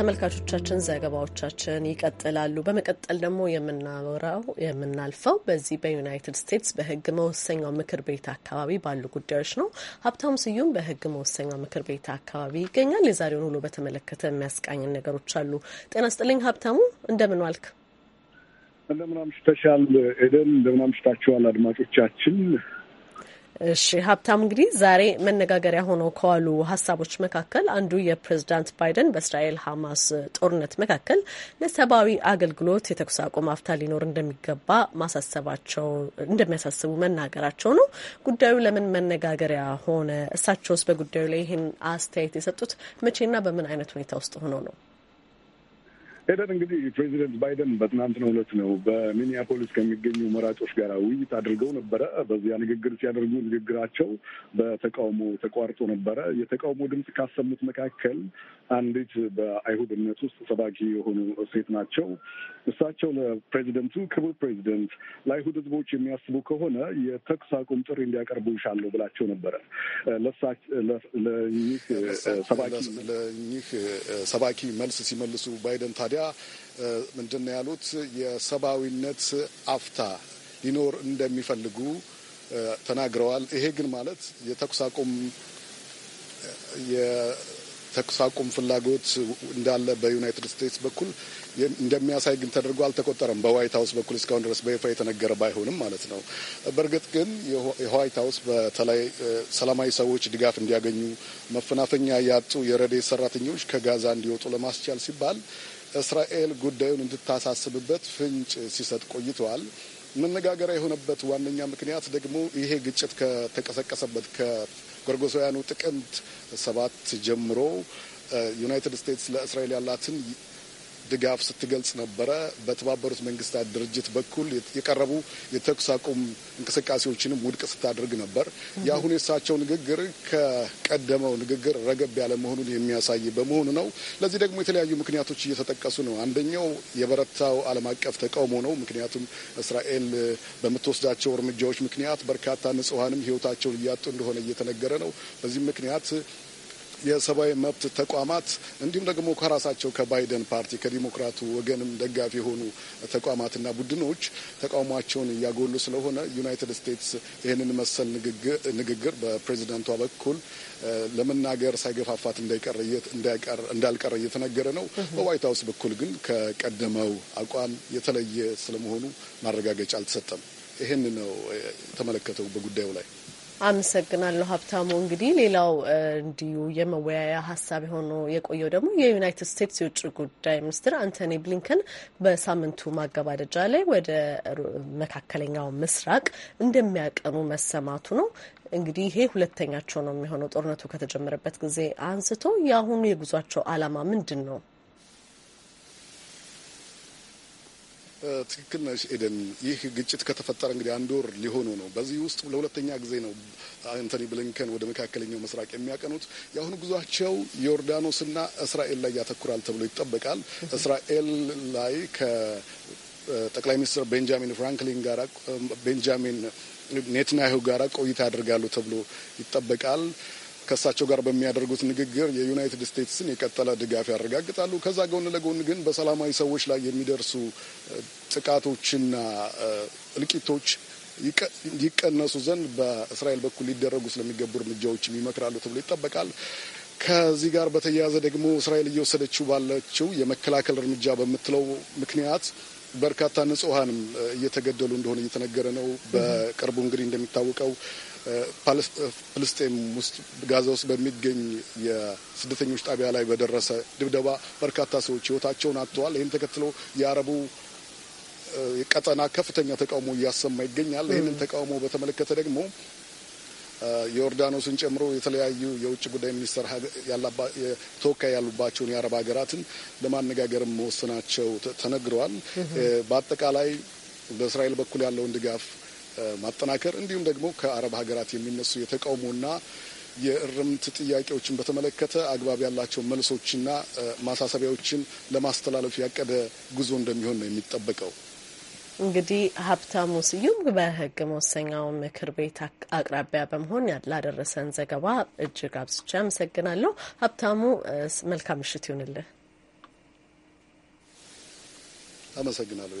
S1: ተመልካቾቻችን ዘገባዎቻችን ይቀጥላሉ። በመቀጠል ደግሞ የምናወራው የምናልፈው በዚህ በዩናይትድ ስቴትስ በህግ መወሰኛው ምክር ቤት አካባቢ ባሉ ጉዳዮች ነው። ሀብታሙ ስዩም በህግ መወሰኛው ምክር ቤት አካባቢ ይገኛል። የዛሬውን ውሎ በተመለከተ የሚያስቃኝን ነገሮች አሉ። ጤና ስጥልኝ ሀብታሙ፣ እንደምን ዋልክ? እንደምን
S15: አምሽተሻል ኤደን። እንደምን አምሽታችኋል አድማጮቻችን።
S1: እሺ ሀብታም፣ እንግዲህ ዛሬ መነጋገሪያ ሆነው ከዋሉ ሀሳቦች መካከል አንዱ የፕሬዝዳንት ባይደን በእስራኤል ሀማስ ጦርነት መካከል ለሰብአዊ አገልግሎት የተኩስ አቁም አፍታ ሊኖር እንደሚገባ ማሳሰባቸው እንደሚያሳስቡ መናገራቸው ነው። ጉዳዩ ለምን መነጋገሪያ ሆነ? እሳቸውስ በጉዳዩ ላይ ይህን አስተያየት የሰጡት መቼና በምን አይነት ሁኔታ ውስጥ ሆነው ነው?
S15: ሄደን እንግዲህ ፕሬዚደንት ባይደን በትናንትናው ዕለት ነው በሚኒያፖሊስ ከሚገኙ መራጮች ጋር ውይይት አድርገው ነበረ። በዚያ ንግግር ሲያደርጉ ንግግራቸው በተቃውሞ ተቋርጦ ነበረ። የተቃውሞ ድምፅ ካሰሙት መካከል አንዲት በአይሁድነት ውስጥ ሰባኪ የሆኑ ሴት ናቸው። እሳቸው ለፕሬዚደንቱ ክቡር ፕሬዚደንት፣ ለአይሁድ ሕዝቦች የሚያስቡ ከሆነ የተኩስ አቁም ጥሪ እንዲያቀርቡ ይሻሉ ብላቸው ነበረ። ለእኚህ ሰባኪ መልስ ሲመልሱ ባይደን ታ ታዲያ ምንድን ነው ያሉት? የሰብአዊነት አፍታ ሊኖር እንደሚፈልጉ ተናግረዋል። ይሄ ግን ማለት የተኩስ አቁም የተኩስ አቁም ፍላጎት እንዳለ በዩናይትድ ስቴትስ በኩል እንደሚያሳይ ግን ተደርጎ አልተቆጠረም። በዋይት ሀውስ በኩል እስካሁን ድረስ በይፋ የተነገረ ባይሆንም ማለት ነው። በእርግጥ ግን የዋይት ሀውስ በተለይ ሰላማዊ ሰዎች ድጋፍ እንዲያገኙ፣ መፈናፈኛ ያጡ የረድኤት ሰራተኞች ከጋዛ እንዲወጡ ለማስቻል ሲባል እስራኤል ጉዳዩን እንድታሳስብበት ፍንጭ ሲሰጥ ቆይተዋል። መነጋገሪያ የሆነበት ዋነኛ ምክንያት ደግሞ ይሄ ግጭት ከተቀሰቀሰበት ከጎርጎሳውያኑ ጥቅምት ሰባት ጀምሮ ዩናይትድ ስቴትስ ለእስራኤል ያላትን ድጋፍ ስትገልጽ ነበረ። በተባበሩት መንግስታት ድርጅት በኩል የቀረቡ የተኩስ አቁም እንቅስቃሴዎችንም ውድቅ ስታደርግ ነበር። የአሁኑ የእሳቸው ንግግር ከቀደመው ንግግር ረገብ ያለ መሆኑን የሚያሳይ በመሆኑ ነው። ለዚህ ደግሞ የተለያዩ ምክንያቶች እየተጠቀሱ ነው። አንደኛው የበረታው ዓለም አቀፍ ተቃውሞ ነው። ምክንያቱም እስራኤል በምትወስዳቸው እርምጃዎች ምክንያት በርካታ ንጹሐንም ህይወታቸውን እያጡ እንደሆነ እየተነገረ ነው። በዚህም ምክንያት የሰብአዊ መብት ተቋማት እንዲሁም ደግሞ ከራሳቸው ከባይደን ፓርቲ ከዲሞክራቱ ወገንም ደጋፊ የሆኑ ተቋማትና ቡድኖች ተቃውሟቸውን እያጎሉ ስለሆነ ዩናይትድ ስቴትስ ይህንን መሰል ንግግር በፕሬዚደንቷ በኩል ለመናገር ሳይገፋፋት እንዳልቀረ እየተነገረ ነው። በዋይት ሀውስ በኩል ግን ከቀደመው አቋም የተለየ ስለመሆኑ ማረጋገጫ አልተሰጠም። ይህን ነው የተመለከተው በጉዳዩ ላይ
S1: አመሰግናለሁ ሀብታሙ። እንግዲህ ሌላው እንዲሁ የመወያያ ሀሳብ የሆነ የቆየው ደግሞ የዩናይትድ ስቴትስ የውጭ ጉዳይ ሚኒስትር አንቶኒ ብሊንከን በሳምንቱ ማገባደጃ ላይ ወደ መካከለኛው ምስራቅ እንደሚያቀኑ መሰማቱ ነው። እንግዲህ ይሄ ሁለተኛቸው ነው የሚሆነው ጦርነቱ ከተጀመረበት ጊዜ አንስቶ። የአሁኑ የጉዟቸው አላማ ምንድን ነው?
S15: ትክክል ነሽ ኤደን። ይህ ግጭት ከተፈጠረ እንግዲህ አንድ ወር ሊሆኑ ነው። በዚህ ውስጥ ለሁለተኛ ጊዜ ነው አንቶኒ ብሊንከን ወደ መካከለኛው ምስራቅ የሚያቀኑት። የአሁኑ ጉዟቸው ዮርዳኖስና እስራኤል ላይ ያተኩራል ተብሎ ይጠበቃል። እስራኤል ላይ ከጠቅላይ ሚኒስትር ቤንጃሚን ፍራንክሊን ጋር ቤንጃሚን ኔትንያሁ ጋር ቆይታ ያደርጋሉ ተብሎ ይጠበቃል። ከእሳቸው ጋር በሚያደርጉት ንግግር የዩናይትድ ስቴትስን የቀጠለ ድጋፍ ያረጋግጣሉ። ከዛ ጎን ለጎን ግን በሰላማዊ ሰዎች ላይ የሚደርሱ ጥቃቶችና እልቂቶች ይቀነሱ ዘንድ በእስራኤል በኩል ሊደረጉ ስለሚገቡ እርምጃዎችም ይመክራሉ ተብሎ ይጠበቃል። ከዚህ ጋር በተያያዘ ደግሞ እስራኤል እየወሰደችው ባለችው የመከላከል እርምጃ በምትለው ምክንያት በርካታ ንጹሐንም እየተገደሉ እንደሆነ እየተነገረ ነው። በቅርቡ እንግዲህ እንደሚታወቀው ፍልስጤም ውስጥ ጋዛ ውስጥ በሚገኝ የስደተኞች ጣቢያ ላይ በደረሰ ድብደባ በርካታ ሰዎች ህይወታቸውን አጥተዋል። ይህን ተከትሎ የአረቡ ቀጠና ከፍተኛ ተቃውሞ እያሰማ ይገኛል። ይህንን ተቃውሞ በተመለከተ ደግሞ ዮርዳኖስን ጨምሮ የተለያዩ የውጭ ጉዳይ ሚኒስተር ተወካይ ያሉባቸውን የአረብ ሀገራትን ለማነጋገር መወሰናቸው ተነግረዋል። በአጠቃላይ በእስራኤል በኩል ያለውን ድጋፍ ማጠናከር እንዲሁም ደግሞ ከአረብ ሀገራት የሚነሱ የተቃውሞና የእርምት ጥያቄዎችን በተመለከተ አግባብ ያላቸው መልሶችና ማሳሰቢያዎችን ለማስተላለፍ ያቀደ ጉዞ እንደሚሆን ነው የሚጠበቀው።
S1: እንግዲህ ሀብታሙ ስዩም በህግ መወሰኛው ምክር ቤት አቅራቢያ በመሆን ላደረሰን ዘገባ እጅግ አብዝቼ አመሰግናለሁ። ሀብታሙ መልካም ምሽት ይሁንልህ።
S15: አመሰግናለሁ።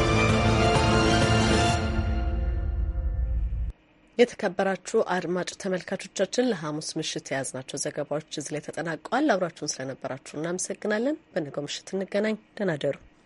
S1: የተከበራችሁ አድማጭ ተመልካቾቻችን ለሐሙስ ምሽት የያዝናቸው ዘገባዎች እዚህ ላይ ተጠናቀዋል። አብራችሁን ስለነበራችሁ እናመሰግናለን። በነገው ምሽት እንገናኝ። ደህና ደሩ።